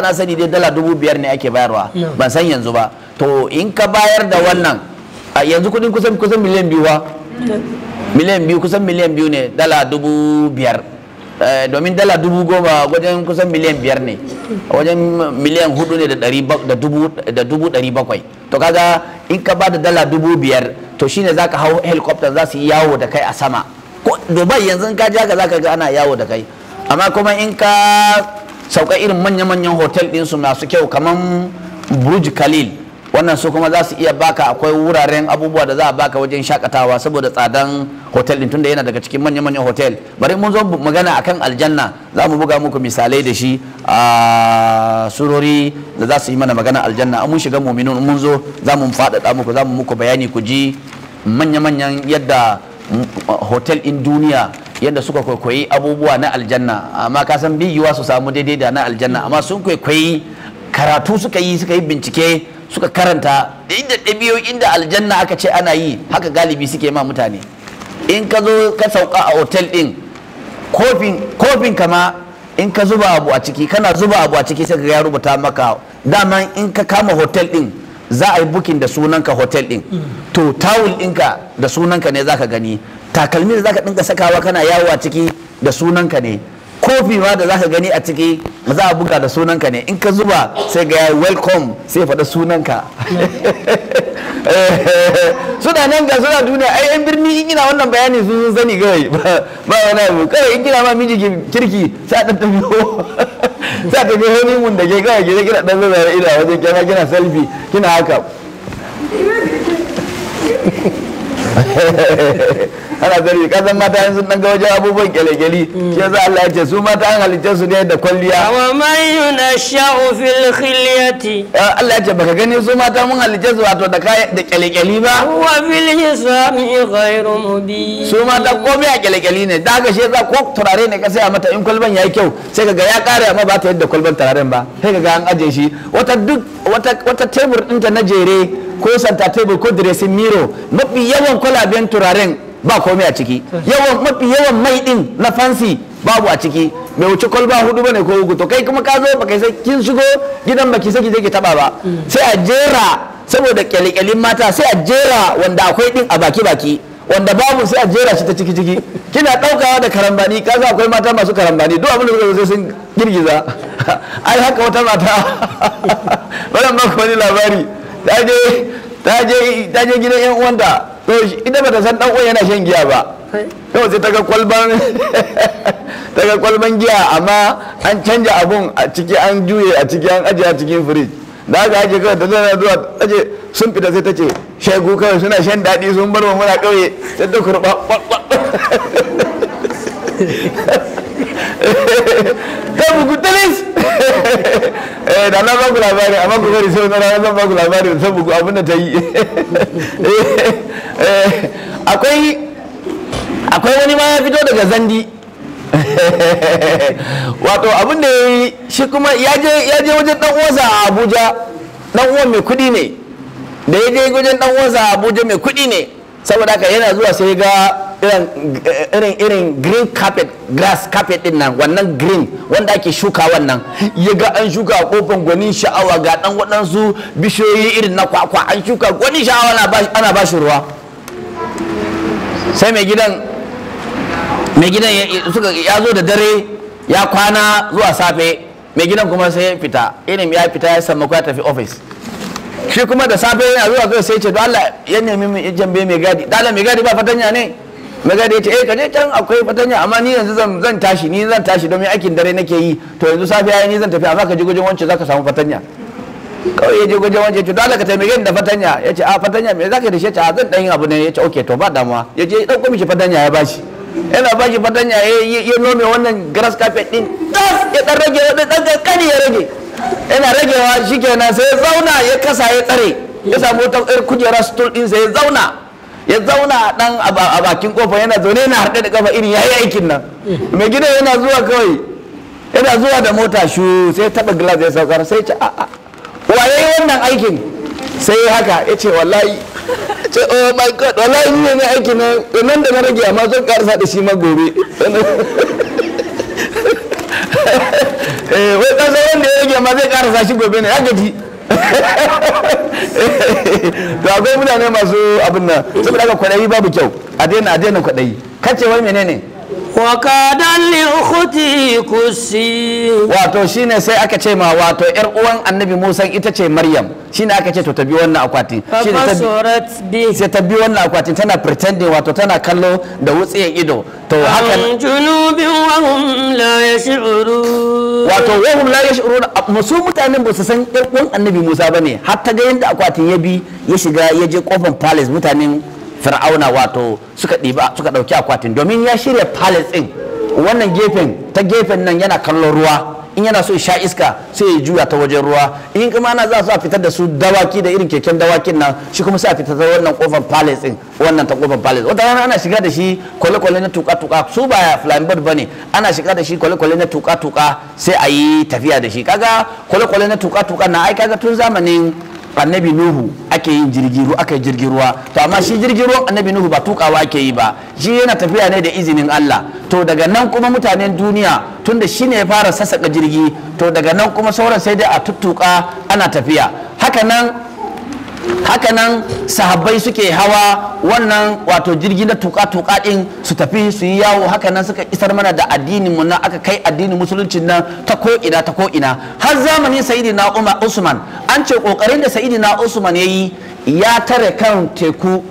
na sani dai dala dubu biyar ne ake bayarwa ban san yanzu ba to in ka bayar da wannan yanzu kudin kusan miliyan biyu ba miliyan biyu kusan miliyan biyu ne dala dubu biyar Eh, domin dala dubu goma wajen kusan miliyan biyar ne wajen miliyan hudu ne da dubu dari bakwai to kaga in ka ba da dala dubu biyar to shine za ka hau helicopter za su yi yawo da kai a sama ko dubai yanzu ka ja ka za ka ga ana yawo da kai amma kuma in ka sauka irin manya-manyan hotel su masu kyau kamar burj khalil wannan su kuma za su iya baka akwai wuraren abubuwa da za a baka wajen shakatawa saboda tsadan hotel din tunda yana daga cikin manyan manyan hotel bari mun zo magana akan aljanna za mu buga muku misalai da shi a surori da za su yi mana magana aljanna an mun shiga muminun mun zo za mu faɗaɗa muku za mu muku bayani ku ji manya manyan yadda mm, hotel in duniya yadda suka kwaikwayi abubuwa na aljanna amma ka san biyuwa su samu daidai da na aljanna amma sun kwaikwayi karatu suka yi suka yi bincike suka karanta da inda ɗabi'o'in inda aljanna aka ce ana yi haka galibi suke ma mutane in ka zo ka sauka a otel ɗin kofin kama in ka zuba abu a ciki kana zuba abu a ciki sai ka ya rubuta maka dama in ka kama hotel ɗin, za a yi bukin da sunanka hotel ɗin. to tawul ɗinka da sunanka ne zaka gani Takalmin da zaka ɗinka sakawa kana yawo a ciki da sunanka ne kofi ma da zaka gani a ciki za a buga da sunanka ne in ka zuba sai ga ya welcome sai faɗa sunanka eh, suna nan ga suna duniya ai yan birni in gina wannan bayani sun sun sani kawai ba wani abu kawai in gina ma miji kirki ɗanɗan ɗan sai a tafi honeymoon da ke kawai gina kina ɗan zazzara ina wajen kina gina selfie kina haka ana zari ka san mata yanzu dan ga wajen abubuwan kyale ke za Allah ce su mata an halicce su ne da kwalliya wa man yunasha'u fil khilyati Allah ce baka gani su mata mun halicce su wato da da kyale-kyale ba wa fil hisami ghairu mubin su mata komai a kyale ne da ga shi za ko turare ne kasai a mata in kwalban yayi kyau sai kaga ya kare amma ba ta yadda kwalban turaren ba sai kaga an aje shi wata duk wata wata tebur ɗinta na jere ko santa table ko dressing mirror mafi yawan kwalaben turaren ba komai a ciki yawan mafi yawan mai din na fansi babu a ciki mai wuce kwalba hudu bane ko hugu to kai kuma ka zo baka sai kin shigo gidan baki sai ki taba ba sai a jera saboda kyalikyalin mata sai a jera wanda akwai din a baki baki wanda babu sai a jera shi ta ciki ciki kina daukawa da karambani ka za akwai mata masu karambani duk abin da sai sun girgiza ai haka wata mata bari ba ku wani labari ta je gidan yan uwanta to ita bata san dan uwan yana shan giya ba yau sai ta ga kwalban giya amma an canja abun a ciki an juye a ciki an ajiye a cikin firij da aka ajiye kawai ta zana zuwa aje sun fita sai ta ce shegu kawai suna shan daɗi sun bar mu muna ƙauye sai ta kurɓa ta talis eh da na labari na zan yi eh, eh, akwai wani ma ya fito daga zandi wato abin da ya yi shi kuma ya je wajen dan a abuja dan mai kudi ne da ya je wajen dan a abuja mai kudi ne saboda haka yana zuwa sai ga irin irin green carpet grass carpet din nan wannan green wanda ake shuka wannan ya ga an shuka a kofin gwanin sha'awa ga dan waɗansu bishiyoyi irin na kwakwa an shuka gwanin sha'awa ana ba shi ruwa sai mai gidan mai gidan ya zo da dare ya kwana zuwa safe mai gidan kuma sai ya fita irin ya fita ya samu ya tafi office shi kuma da safe yana zuwa zuwa sai ce to Allah ya nemi bai mai gadi dala mai gadi ba fatanya ne mai gadi ya ce eh ka je can akwai fatanya amma ni yanzu zan tashi ni zan tashi domin aikin dare nake yi to yanzu safe yayi ni zan tafi amma ka je gujen wance zaka samu fatanya kawai ya je gujen wance to dala ka taimake ni da fatanya ya ce a fatanya me zaka da shi ce a zan dan yi abu ne ya ce okay to ba damuwa ya je dauko mishi fatanya ya bashi yana bashi fatanya ya nome wannan grass carpet din ya dan rage waɗanda dan ya rage yana ragewa shikenan sai ya zauna ya kasa ya tsare ya samu wata kujera stool din sai ya zauna ya zauna dan a bakin kofa yana zaune yana harɗe da kafa irin yayi aikin nan mai gidan yana zuwa kawai yana zuwa da mota shu sai taba glass ya saukar sai ce a'a wa yayi wannan aikin sai haka ya ce wallahi ce oh my god wallahi ne aikin nan da na rage amma zan karsa da shi ma gobe wai kasa wanda ya rage ma zai shi gobe ne ya gaji to akwai mutane masu abin nan saboda haka kwaɗayi babu kyau a daina a daina kwaɗayi kacewar menene ne wakadan liukhti kusi wato shine sai aka ce ma wato yar uwan annabi Musa ita ce Maryam shine aka ce to tabi wannan akwatin shine sai tabi bi wannan akwatin tana pretending wato tana kallo da wutsiyan ido to hakan
junubin
wa hum la yash'urun wato wa hum la yash'urun musu mutanen ba su san yar uwan annabi Musa bane har ta ga yanda akwatin ya bi ya shiga ya je kofar palace mutanen fir'auna wato suka ɗiba suka ɗauki akwatin domin ya shirya palace ɗin wannan gefen ta gefen nan yana kallon ruwa in yana so sha iska sai ya juya ta wajen ruwa in kuma ana za su a fitar da su dawaki da irin keken dawakin nan shi kuma sai a fitar da wannan kofar palace din wannan ta kofar palace wata rana ana shiga da shi kwale-kwale na tuka-tuka su ba flying ba ne ana shiga da shi kwale-kwale na tuka-tuka sai a yi tafiya da shi kaga kwale-kwale na tuka-tuka na ai kaga tun zamanin annabi nuhu ake yin jirgi ruwa aka jirgi ruwa to amma shi jirgin ruwan annabi nuhu ba tukawa ake yi ba shi yana tafiya ne da izinin Allah to daga nan kuma mutanen duniya tunda shi ne ya fara sassaka jirgi to daga nan kuma sauran sai dai a tuttuka ana tafiya haka nan hakanan sahabbai suke hawa wannan wato jirgi na tuka-tuka din su tafi su yi yawo hakanan suka isar mana da addinin mu na aka kai addinin musulunci nan ta ko ina ta ko ina har zamanin sayyidina Umar Usman an ce kokarin da sayyidina Usman yayi ya tare kan teku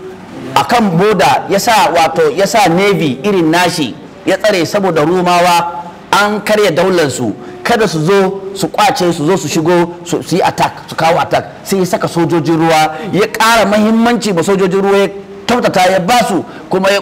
akan boda ya sa wato ya sa navy irin nashi ya tsare saboda rumawa an karya daular su kada su zo su kwace su zo su shigo su yi attack su kawo attack sai ya saka sojojin ruwa ya ƙara mahimmanci ba sojojin ruwa ya tautata ya ba su kuma ya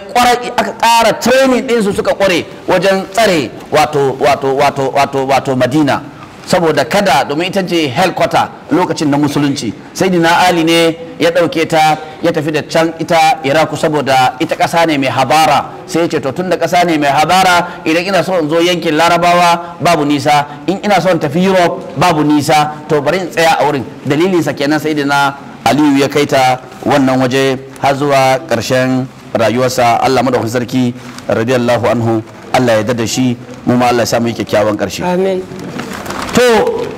aka ƙara training ɗinsu suka kware wajen tsare wato wato wato wato wato madina saboda kada domin ita ce helkwata lokacin na musulunci sai dina ali ne ya ɗauke ta ya tafi da can ita iraku saboda ita ƙasa ne mai habara sai ya ce to tun da ƙasa ne mai habara idan ina son zo yankin larabawa babu nisa in ina son tafi europe babu nisa to bari in tsaya a wurin dalilinsa kenan sai dina aliyu ya kai ta wannan waje har zuwa ƙarshen rayuwarsa allah madaukakin sarki radiyallahu anhu allah ya dada shi mu ma allah ya samu kyakkyawan ƙarshe amin to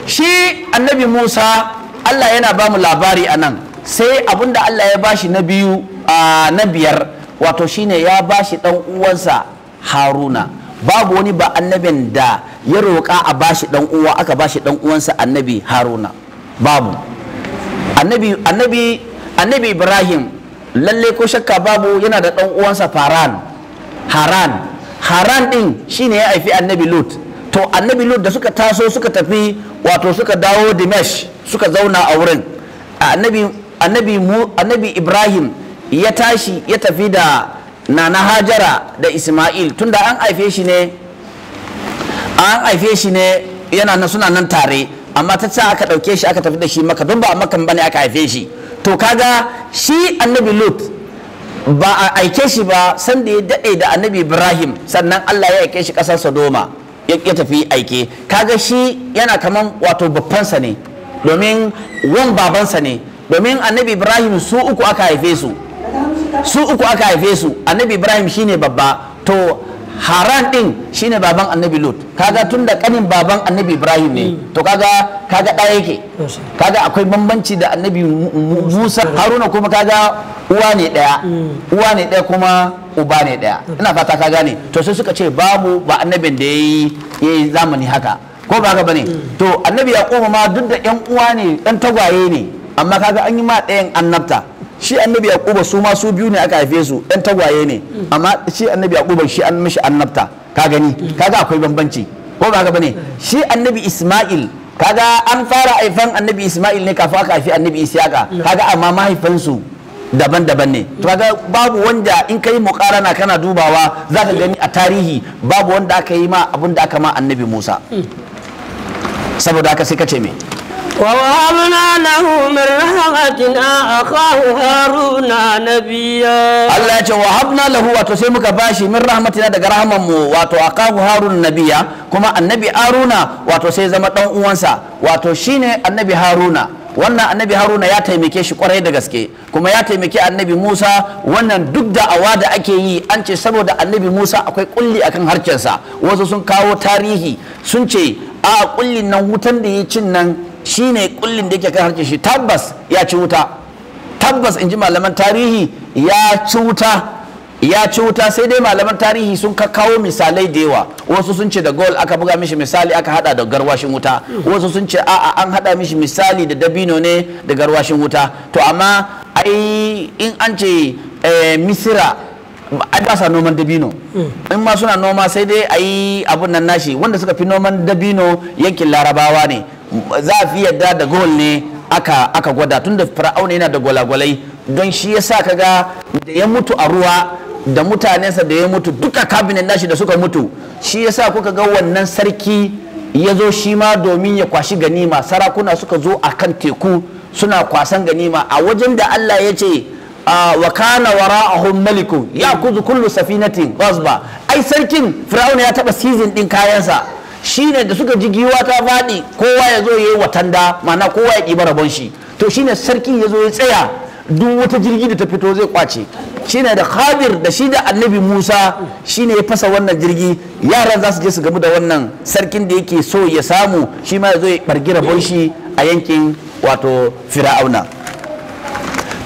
shi annabi musa allah yana ba mu labari a nan sai abinda allah ya bashi na biyu a na biyar wato shine ya bashi dan uwansa haruna babu wani ba annabin da ya roƙa a bashi dan uwa aka bashi dan uwansa annabi haruna babu annabi ibrahim lalle ko shakka babu yana da dan uwansa faran haran haran din shine ya haifi annabi lut to annabi lut da suka taso suka tafi wato suka dawo dimash suka zauna a wurin annabi ibrahim ya tashi ya tafi da nana hajara da isma'il tunda an haife shi ne an haife shi ne yana nan suna nan tare amma ta sa aka ɗauke shi aka tafi da shi maka don ba a makan bane aka haife shi to kaga shi annabi lut ba a aike shi ba sanda ya daɗe da annabi ibrahim sannan allah ya aike shi ƙasar sodoma ya tafi aike kaga shi yana kaman wato babbansa ne domin wan babansa ne domin annabi ibrahim su uku aka haife su su uku aka haife su annabi ibrahim shine babba to haran din shine baban annabi lut kaga tunda kanin baban annabi ibrahim ne hmm. to kaga kaga ɗaya yake kaga akwai bambanci da annabi musa haruna kuma kaga uwa ne ɗaya hmm. uwa ne ɗaya kuma uba ne ɗaya hmm. ina fata ka gane to sai suka ce babu ba annabin da yayi yayi zamani haka ko ba haka bane to annabi yaqub ma duk da yan uwa ne dan tagwaye ne amma kaga an yi ma ɗayan annabta shi annabi yaquba su ma su biyu ne aka haife su ɗan tagwaye ne amma shi annabi yaquba shi an mishi annabta ka gani kaga akwai bambanci ko ba haka bane shi annabi isma'il kaga an fara haifan annabi isma'il ne kafin aka haifi annabi isiyaka kaga amma mahaifansu daban-daban ne to kaga babu wanda in kai muqarana kana dubawa za ka gani a tarihi babu wanda aka yi ma abin da aka ma annabi musa saboda haka sai ka ce me
ووهبنا
له من رحمتنا أخاه هارون نبيا الله يجي وهبنا له واتو سي muka bashi min rahmatina daga rahman mu wato akahu harun nabiya kuma annabi haruna wato sai zama ɗan uwansa wato shine annabi haruna wannan annabi haruna ya taimake shi kwarai da gaske kuma ya taimake annabi musa wannan duk da awa da ake yi an ce saboda annabi musa akwai kulli akan harcensa wasu sun kawo tarihi sun ce a'a kullin nan wutan da ya cin nan Shi ne kullin da yake kan harkar shi tabbas ya ci wuta tabbas in ji malaman tarihi ya ci wuta ya ci wuta sai dai malaman tarihi sun kawo misalai da yawa wasu sun ce da gol aka buga mishi misali aka hada da garwashin wuta wasu sun ce a'a an hada mishi misali da dabino ne da garwashin wuta to amma ai in an ce eh, misira an ba sa noman dabino in ma suna noma sai dai a yi abun nan nashi wanda suka fi noman dabino yankin larabawa ne za a fi yadda da gol ne aka aka gwada da fir'auna yana da gwalagwalai don shi ya sa kaga da ya mutu a ruwa da mutanensa da ya mutu duka kabinet nashi da suka mutu shi ya sa kuka ga wannan sarki ya zo shi ma domin ya kwashi ganima sarakuna suka zo a kan teku suna kwasan ganima a wajen da Allah ya ce ah, wa kana wara'ahum maliku ya kuzu kullu safinatin ghasba ai sarkin fir'auna ya taɓa season ɗin kayansa shine da suka ji giwa ta faɗi kowa ya zo ya yi watanda ma'ana kowa ya ɗiba rabon shi to shine sarki ya zo ya tsaya duk wata jirgi da ta fito zai kwace shine da khadir da shi da annabi musa shine ya fasa wannan jirgi yaran za su je su gamu da wannan sarkin da yake so ya samu shi ma ya zo ya ɓargi rabon shi a yankin wato fir'auna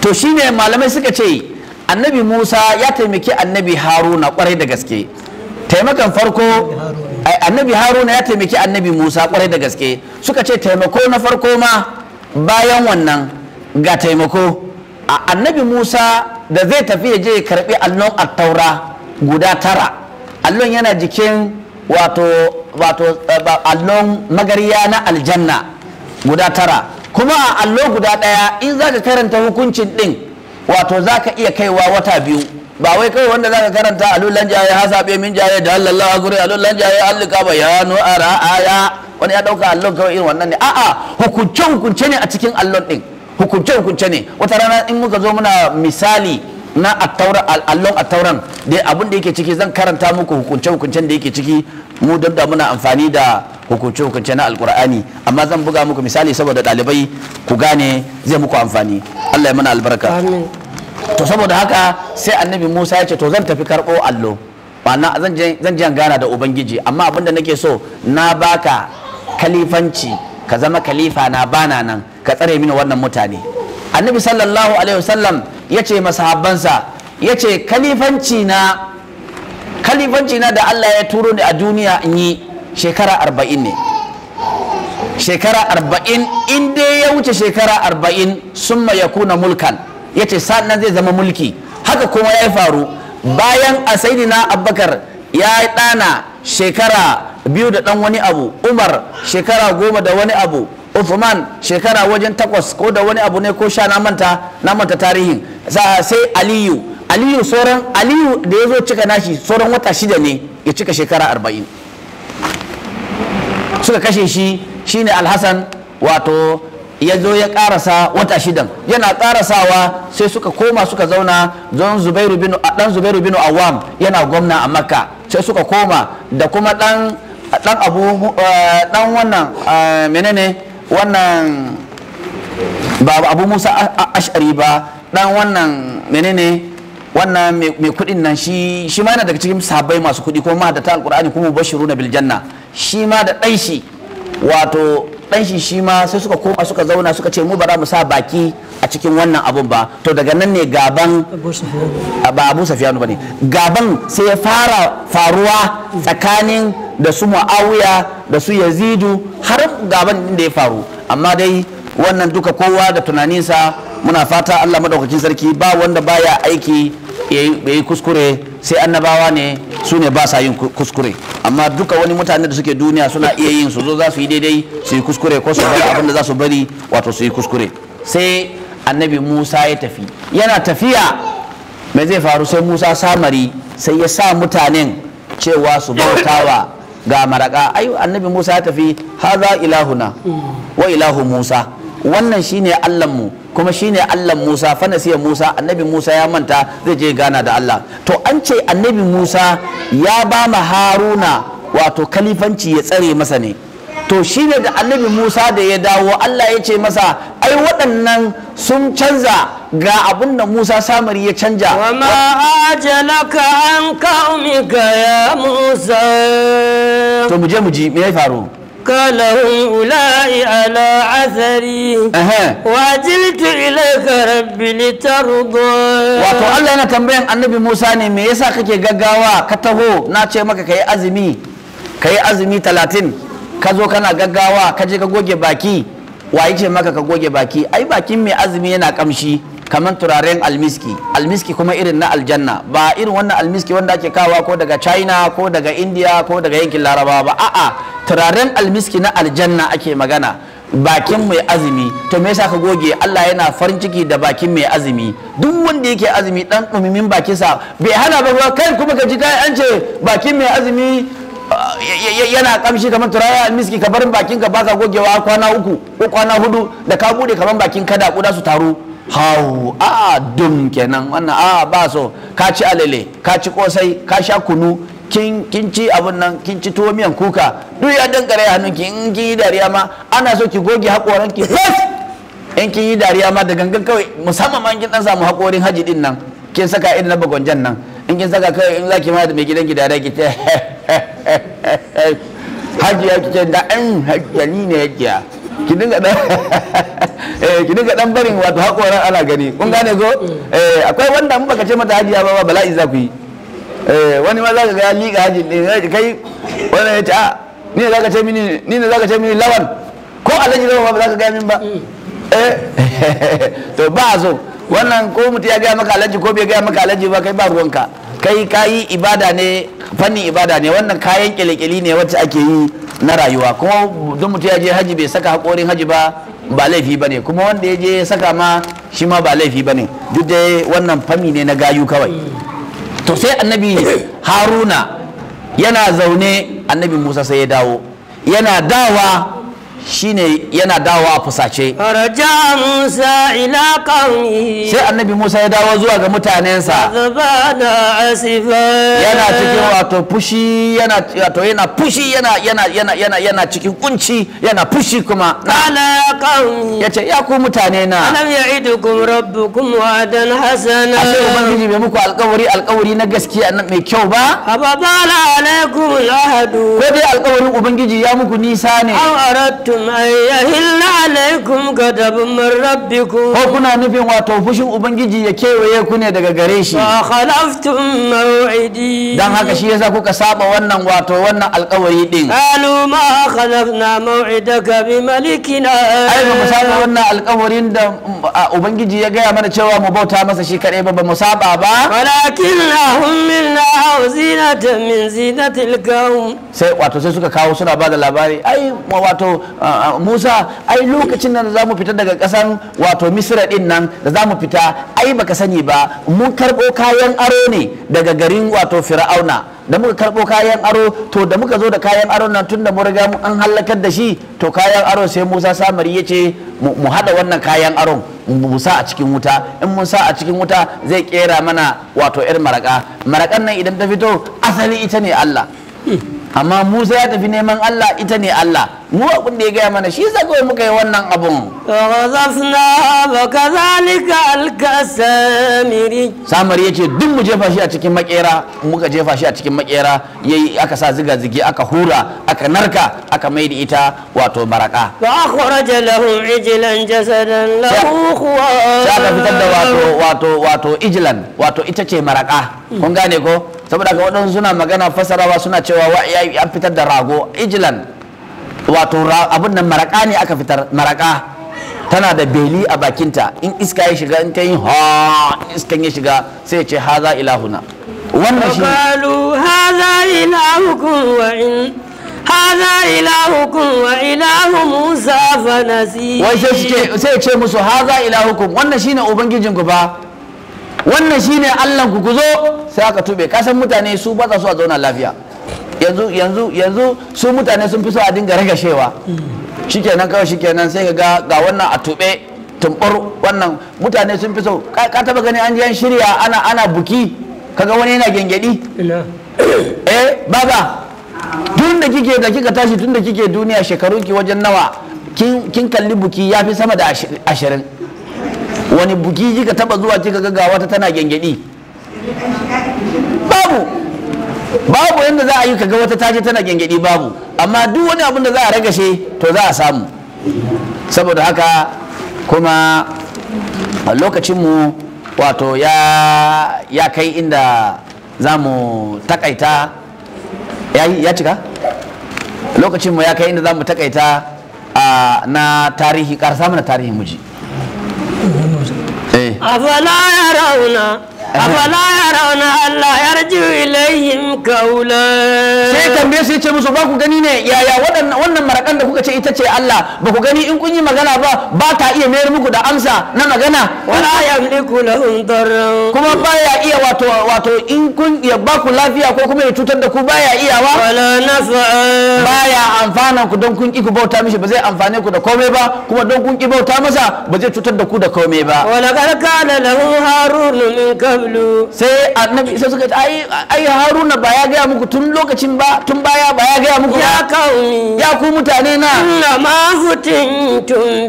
to shine malamai suka ce annabi musa ya taimaki annabi haruna kwarai da gaske taimakan farko annabi haruna ya taimaki annabi musa kwarai da gaske suka ce taimako na farko ma bayan wannan ga taimako a annabi musa da zai tafi ya je ya karbi allon attaura guda tara allon yana jikin wato wato allon magariya na aljanna guda tara kuma a allo guda daya in za ka karanta hukuncin din wato za ka iya kaiwa wata biyu ba wai kawai wanda zaka karanta lullan jaye hasabe min jaye da Allah gure lullan jaye allika bayanu ara aya wani ya dauka allon kawai irin wannan ne a'a hukunce hukunce ne a cikin allon din hukunce hukunce ne wata rana in muka zo muna misali na attaura a attauran da abin da yake ciki zan karanta muku hukunce hukuncen da yake ciki mu duk da muna amfani da hukunce hukunce na alkur'ani amma zan buga muku misali saboda dalibai ku gane zai muku amfani Allah ya mana albarka to saboda haka sai annabi musa ya ce to zan tafi karɓo allo ma'ana zan je gana da ubangiji amma abin da nake so na baka kalifanci ka zama kalifa na bana nan ka tsare mini wannan mutane annabi sallallahu alaihi wasallam ya ce masahabbansa ya ce kalifanci na da allah ya turo ni a duniya in yi shekara arba'in ne shekara arba'in in dai ya wuce shekara arba'in sun ya kuna mulkan ya ce sa'an nan zai zama mulki haka kuma ya faru bayan a sayidina abubakar ya yi ɗana shekara biyu da ɗan wani abu umar shekara goma da wani abu Uthman shekara wajen takwas ko da wani abu ne ko sha namanta namanta tarihin. manta sai aliyu aliyu sauran aliyu da ya zo cika nashi sauran wata shida ne ya cika shekara arba'in suka kashe shi shine alhassan wato ya zo ya karasa wata shidan yana karasawa sai suka koma suka zauna don zubairu bin dan zubairu bin awam yana gwamna a makka sai suka koma da kuma dan abu dan eh, wannan eh, menene wannan ba abu musa ash'ari ba dan wannan menene wannan mai kudin nan shi ma yana daga cikin sahabbai masu kuɗi ko ma da ta Alƙur'ani kuma bashiru na Biljanna shi ma da ɗanshi. wato dan shi shi ma sai suka koma suka zauna suka ce mu ba za mu sa baki a cikin wannan abun ba to daga nan ne gaban ba abu safiyanu bane gaban sai ya fara faruwa tsakanin da su muawiya da su yazidu har gaban da ya faru amma dai wannan duka kowa da tunaninsa muna fata allah madaukakin sarki ba wanda baya aiki ya kuskure sai annabawa ne su ne ba sa yin kuskure amma duka wani mutane da suke duniya suna iya yin su zo za su yi daidai su yi kuskure ko su bari abin da za su bari wato su yi kuskure sai annabi musa ya tafi yana tafiya mai zai faru sai musa samari sai ya sa mutanen cewa su bautawa ga maraka ai annabi musa ya tafi haza ilahuna wa ilahu musa wannan shine allahnmu kuma shine Allah Musa fa nasiya Musa annabi Musa ya manta zai je gana da Allah to an ce annabi Musa ya ba ma Haruna wato kalifanci ya tsare masa ne to shine da annabi Musa da ya dawo Allah ya ce masa ai waɗannan sun canza ga abin da Musa samari ya canja wa ma ajalaka an ya Musa to mu je mu ji me ya faru
قالهم أولئي على عثري
وعجلت إليك ربي لترضى wato Allah yana tambayar annabi Musa ne me yasa kake gaggawa ka taho na ce maka kayi azumi kayi azumi talatin Kazo kana gaggawa kaje je ka goge baki wa ce maka ka goge baki ai bakin mai azumi yana kamshi kamar turaren almiski almiski kuma irin na aljanna ba irin wannan almiski wanda ake kawa ko daga china ko daga india ko daga yankin larabawa ba a'a turaren almiski na aljanna ake magana bakin mai azumi to me yasa ka goge Allah yana farin ciki da bakin mai azumi duk wanda yake azumi dan dumimin bakinsa bai hana ba kai kuma ka ji kai an ce bakin mai azumi yana kamshi kamar turaya almiski ka barin bakin ka baka gogewa kwana uku ko kwana hudu da ka bude kamar bakin kada kuda su taru hau a dum kenan wannan a ba so ka ci alele ka ci kosai ka sha kunu kin kin ci abun nan kin ci tuwo miyan kuka duk ya hannun hannunki in kin yi dariya ma ana so ki goge haƙoranki ki. in kin yi dariya ma da gangan kawai musamman ma kin dan samu haƙorin haji din nan kin saka irin na bagonjan nan in kin saka kawai in zaki ma da mai gidan ki dariya ki ta ya ki ce da an mm, hajjani ne hajiya ki dinga dan eh ki dinga dan barin wato hakora ana gani kun gane ko eh akwai wanda mun baka ce mata hajiya ba bala'i za ku yi eh wani ma zaka ga ya liƙa hajin din kai wani ya ce a ah, ni ne zaka ce mini ni ne zaka ce mini lawan ko alhaji lawan ba zaka ga min ba eh to ba so wannan ko mutum ya gaya maka alhaji ko bai gaya maka alhaji ba kai ba ruwanka kai kayi ibada ne fannin ibada ne wannan kayan kyalekyali ne wacce ake yi na rayuwa kuma don mutum ya je haji bai saka haƙorin haji ba ba laifi ba ne kuma wanda ya je ya saka ma shi ma ba laifi ba ne duk da wannan fami ne na gayu kawai to sai annabi haruna yana zaune annabi musa sai ya dawo yana dawa shine yana dawowa a fusace musa sai annabi musa ya dawo zuwa ga mutanensa yana cikin wato fushi yana wato yana fushi yana yana yana yana yana cikin kunci yana fushi kuma ya qaumi yace ya ku mutane na alam ya'idukum rabbukum wa'dan hasana ashe ubangiji bai muku alƙawari alƙawari na gaskiya nan mai kyau ba abala alaikum alahadu ko dai alƙawarin ubangiji ya muku nisa ne an arattu yahilla alaikum ghadabun min rabbikum ko kuna nufin wato fushin ubangiji ya kewaye ku ne daga gare shi fa khalaftum maw'idi dan haka shi yasa kuka saba wannan wato wannan alƙawari din qalu ma khalafna maw'idaka bi malikina ai ba mu saba wannan alƙawarin da mm, ubangiji ya gaya mana cewa mu bauta masa shi kadai ba ba mu saba ba walakin lahum minna zinatan min zinatil qaum sai wato sai suka kawo suna ba da labari ai wato Ah, ah, Musa ai lokacin nan za mu fita daga ƙasan wato Misra ɗin nan da za mu fita ai baka sani ba mun karɓo kayan aro ne daga garin wato Fir'auna da muka karɓo kayan aro to da muka zo da kayan aro nan tunda da mu riga an halakar da shi to kayan aro sai Musa Samari ya ce mu haɗa wannan kayan aron mu sa a cikin wuta in mun sa a cikin wuta zai kera mana wato 'yar maraka marakan nan idan ta fito asali ita ne Allah hmm. amma Musa ya tafi neman Allah ita ne Allah mu abin da ya gaya mana shi yasa kawai muka yi wannan abun razafna ya ce yace duk mu jefa shi a cikin makera muka jefa shi a cikin makera yayi aka sa ziga zige aka hura aka narka aka maida ita wato baraka sai aka fitar da wato wato wato wato ita ce maraka kun gane ko saboda ga waɗansu suna magana fasarawa suna cewa an fitar da rago ijilan wato abin nan maraƙa ne aka fitar maraƙa?' tana da beli a bakinta in iska ya shiga in ta yi ha iskan ya shiga sai ya ce haza ilahuna wannan shi haza ilahukum wa in
هذا إلهكم وإله موسى فنسي وإيش
سيتشي مسو هذا إلهكم wannan shine ubangijinku ba wannan shine Allah ku zo sai aka tube kasan mutane su ba su a zauna lafiya yanzu yanzu yanzu su mutane sun fi so a dinga shi shikenan kawai shikenan sai ga ga wannan a tube tumbar wannan mutane sun fi so ka taba gani an jiyan shirya ana ana buki kaga wani yana gengedi eh baba tun da kike da kika tashi tun da kike duniya shekarunki wajen nawa kin kalli buki ya fi sama da ashirin wani buki ka taba zuwa cika ga wata tana gengedi babu babu yadda za a yi kaga wata taje tana gengedi babu amma duk wani abin da za a ragashe to za a samu saboda haka kuma lokacinmu wato ya, ya kai inda za mu takaita ya, ya cika lokacinmu ya kai inda za mu takaita na tarihi karsa mana tarihin muji
afala yarawna afala yarawna allah yarju ilayhim kaula sai tambaye su yace musu ba
ku gani ne yaya wannan marakan da kuka ce ita ce Allah ba ku gani in kun yi magana ba ba ta iya mayar muku da amsa na magana wala yamliku lahum darran kuma baya iya wato wato in kun ya ba ku lafiya ko kuma ya cutar da ku baya wa wala nafa baya amfana ku don kun ki ku bauta mishi ba zai amfane ku da komai ba kuma don kun ki bauta masa ba zai cutar da ku da komai ba wala kana lahu harun min qablu sai annabi sai suka ai ai haruna ba ya gaya muku tun lokacin ba tun baya ba ya gaya muku ya kauni ya ku mutane na inna ma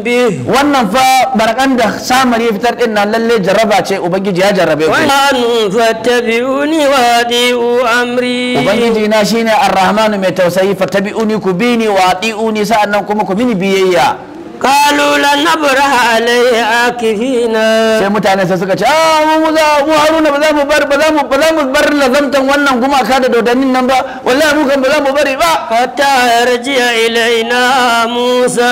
bi wannan fa barakan da samari ya fitar din nan lalle jaraba ce ubangiji ya jarabe ku an fatabi'uni wa diu amri ubangiji na shine arrahmanu mai tausayi fatabi'uni ku bini wa adi'uni sa'annan kuma ku mini biyayya kalu lan abraha alayhi akifina sai mutane sai suka ce a ah, mu za mu haruna ba za mu bar ba za mu ba za mu bar lazamtan wannan da dodannin nan ba wallahi mu kan ba za mu bari ba hatta yarjiya ilaina musa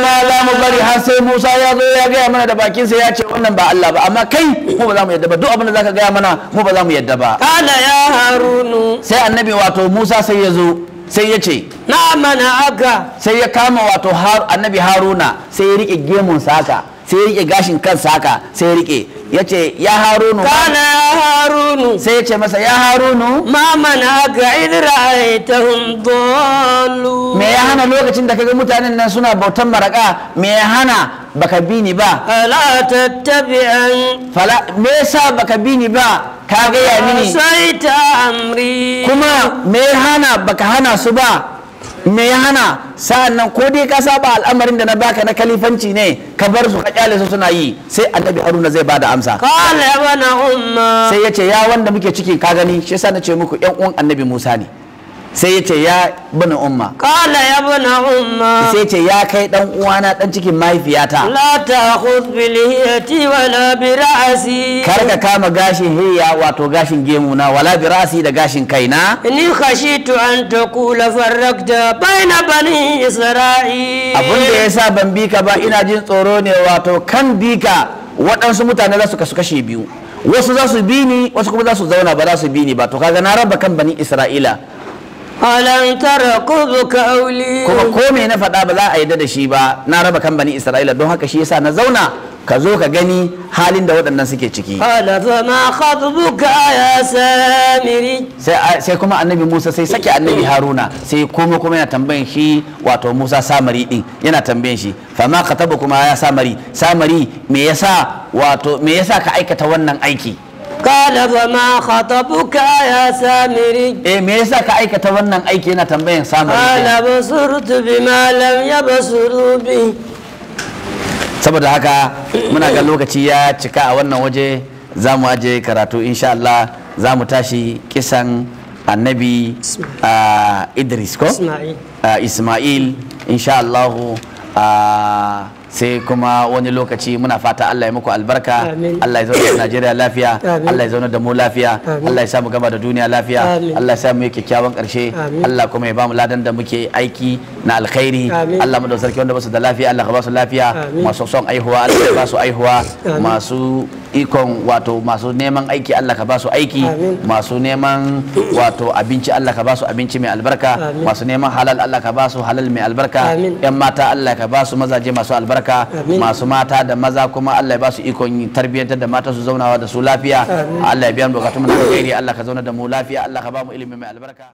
ma za mu bari har sai musa ya zo ya gaya mana da bakin sa ya ce wannan ba Allah ba amma kai mu ba za mu yadda ba duk abin da zaka gaya mana mu ba za mu yadda ba kana ya
harunu
sai annabi wato musa sai ya zo sai ya ce na mana aka sai ya kama wato annabi haruna sai ya riƙe sa haka sai ya rike gashin kansa haka sai ya rike ya ce ya harunu kana ya harunu sai ya ce masa ya harunu mamana ga idra ta dallu me ya hana lokacin da kaga mutanen nan suna bautan maraka me ya hana baka bi ni ba fala tattabi'an fala me yasa baka bi ni ba
ka ga ya mini sai ta
amri kuma me ya hana baka hana su ba me ya hana sa'an nan ko dai ka saba al'amarin da na baka na kalifanci ne ka bar su ka kyale su suna yi sai annabi haruna zai bada amsa sai ya bana umma sai yace ya wanda muke ciki ka gani shi yasa ce muku yan uwan annabi musa ne sai ya ce ya bin umma kala ya bin umma sai ce ya kai dan uwana dan cikin mahaifiyata
la ta khudh bi lihiyati wala bi ra'si
kar ka kama gashin hiya wato gashin gemu na wala bi ra'si da gashin kaina ni
khashitu an taqula farraqta baina bani isra'i abun da yasa
ban bi ka ba ina jin tsoro ne wato kan bi ka waɗansu mutane za su kasu kashe biyu wasu za su bi ni wasu kuma za su zauna ba za su bi ni ba to kaga na raba kan bani isra'ila alam tara kuzuka auli kuma ko me na faɗa ba za a yadda da shi ba na raba kan bani isra'ila don haka shi yasa na zauna ka zo ka gani halin da waɗannan suke ciki sai kuma annabi musa sai sake annabi haruna sai kuma kuma yana tambayan shi wato musa samari din yana tambayan shi fama ka taba kuma ya samari samari me yasa wato me yasa ka aikata wannan aiki kada fa ma buka ya samiri eh me yasa ka aikata wannan aiki yana tambayan samiri ala basurtu malam ya yabsuru bi saboda haka muna ga lokaci ya cika a wannan waje za mu aje karatu insha Allah za mu tashi kisan annabi Idris ko Ismail insha Allah sai kuma wani lokaci muna fata Allah ya muku albarka Allah ya zauna da Najeriya lafiya Allah ya zauna da mu lafiya Allah ya samu gaba da duniya lafiya Allah ya samu kyakkyawan karshe Allah kuma ya bamu ladan da muke aiki na alkhairi Allah mu da sarki wanda basu da lafiya Allah ka basu lafiya masu son aihuwa Allah ya basu aihuwa masu ikon wato masu neman aiki Allah ka basu aiki masu neman wato abinci Allah ka basu abinci mai albarka masu neman halal Allah ka basu halal mai albarka yan mata Allah ka basu mazaje masu albarka masu mata da maza kuma Allah ya basu ikon tarbiyyantar da mata su zaunawa da su lafiya Allah ya biya mu bukatun mu na alheri Allah ka zauna da mu lafiya Allah ka ba mu ilimi mai albarka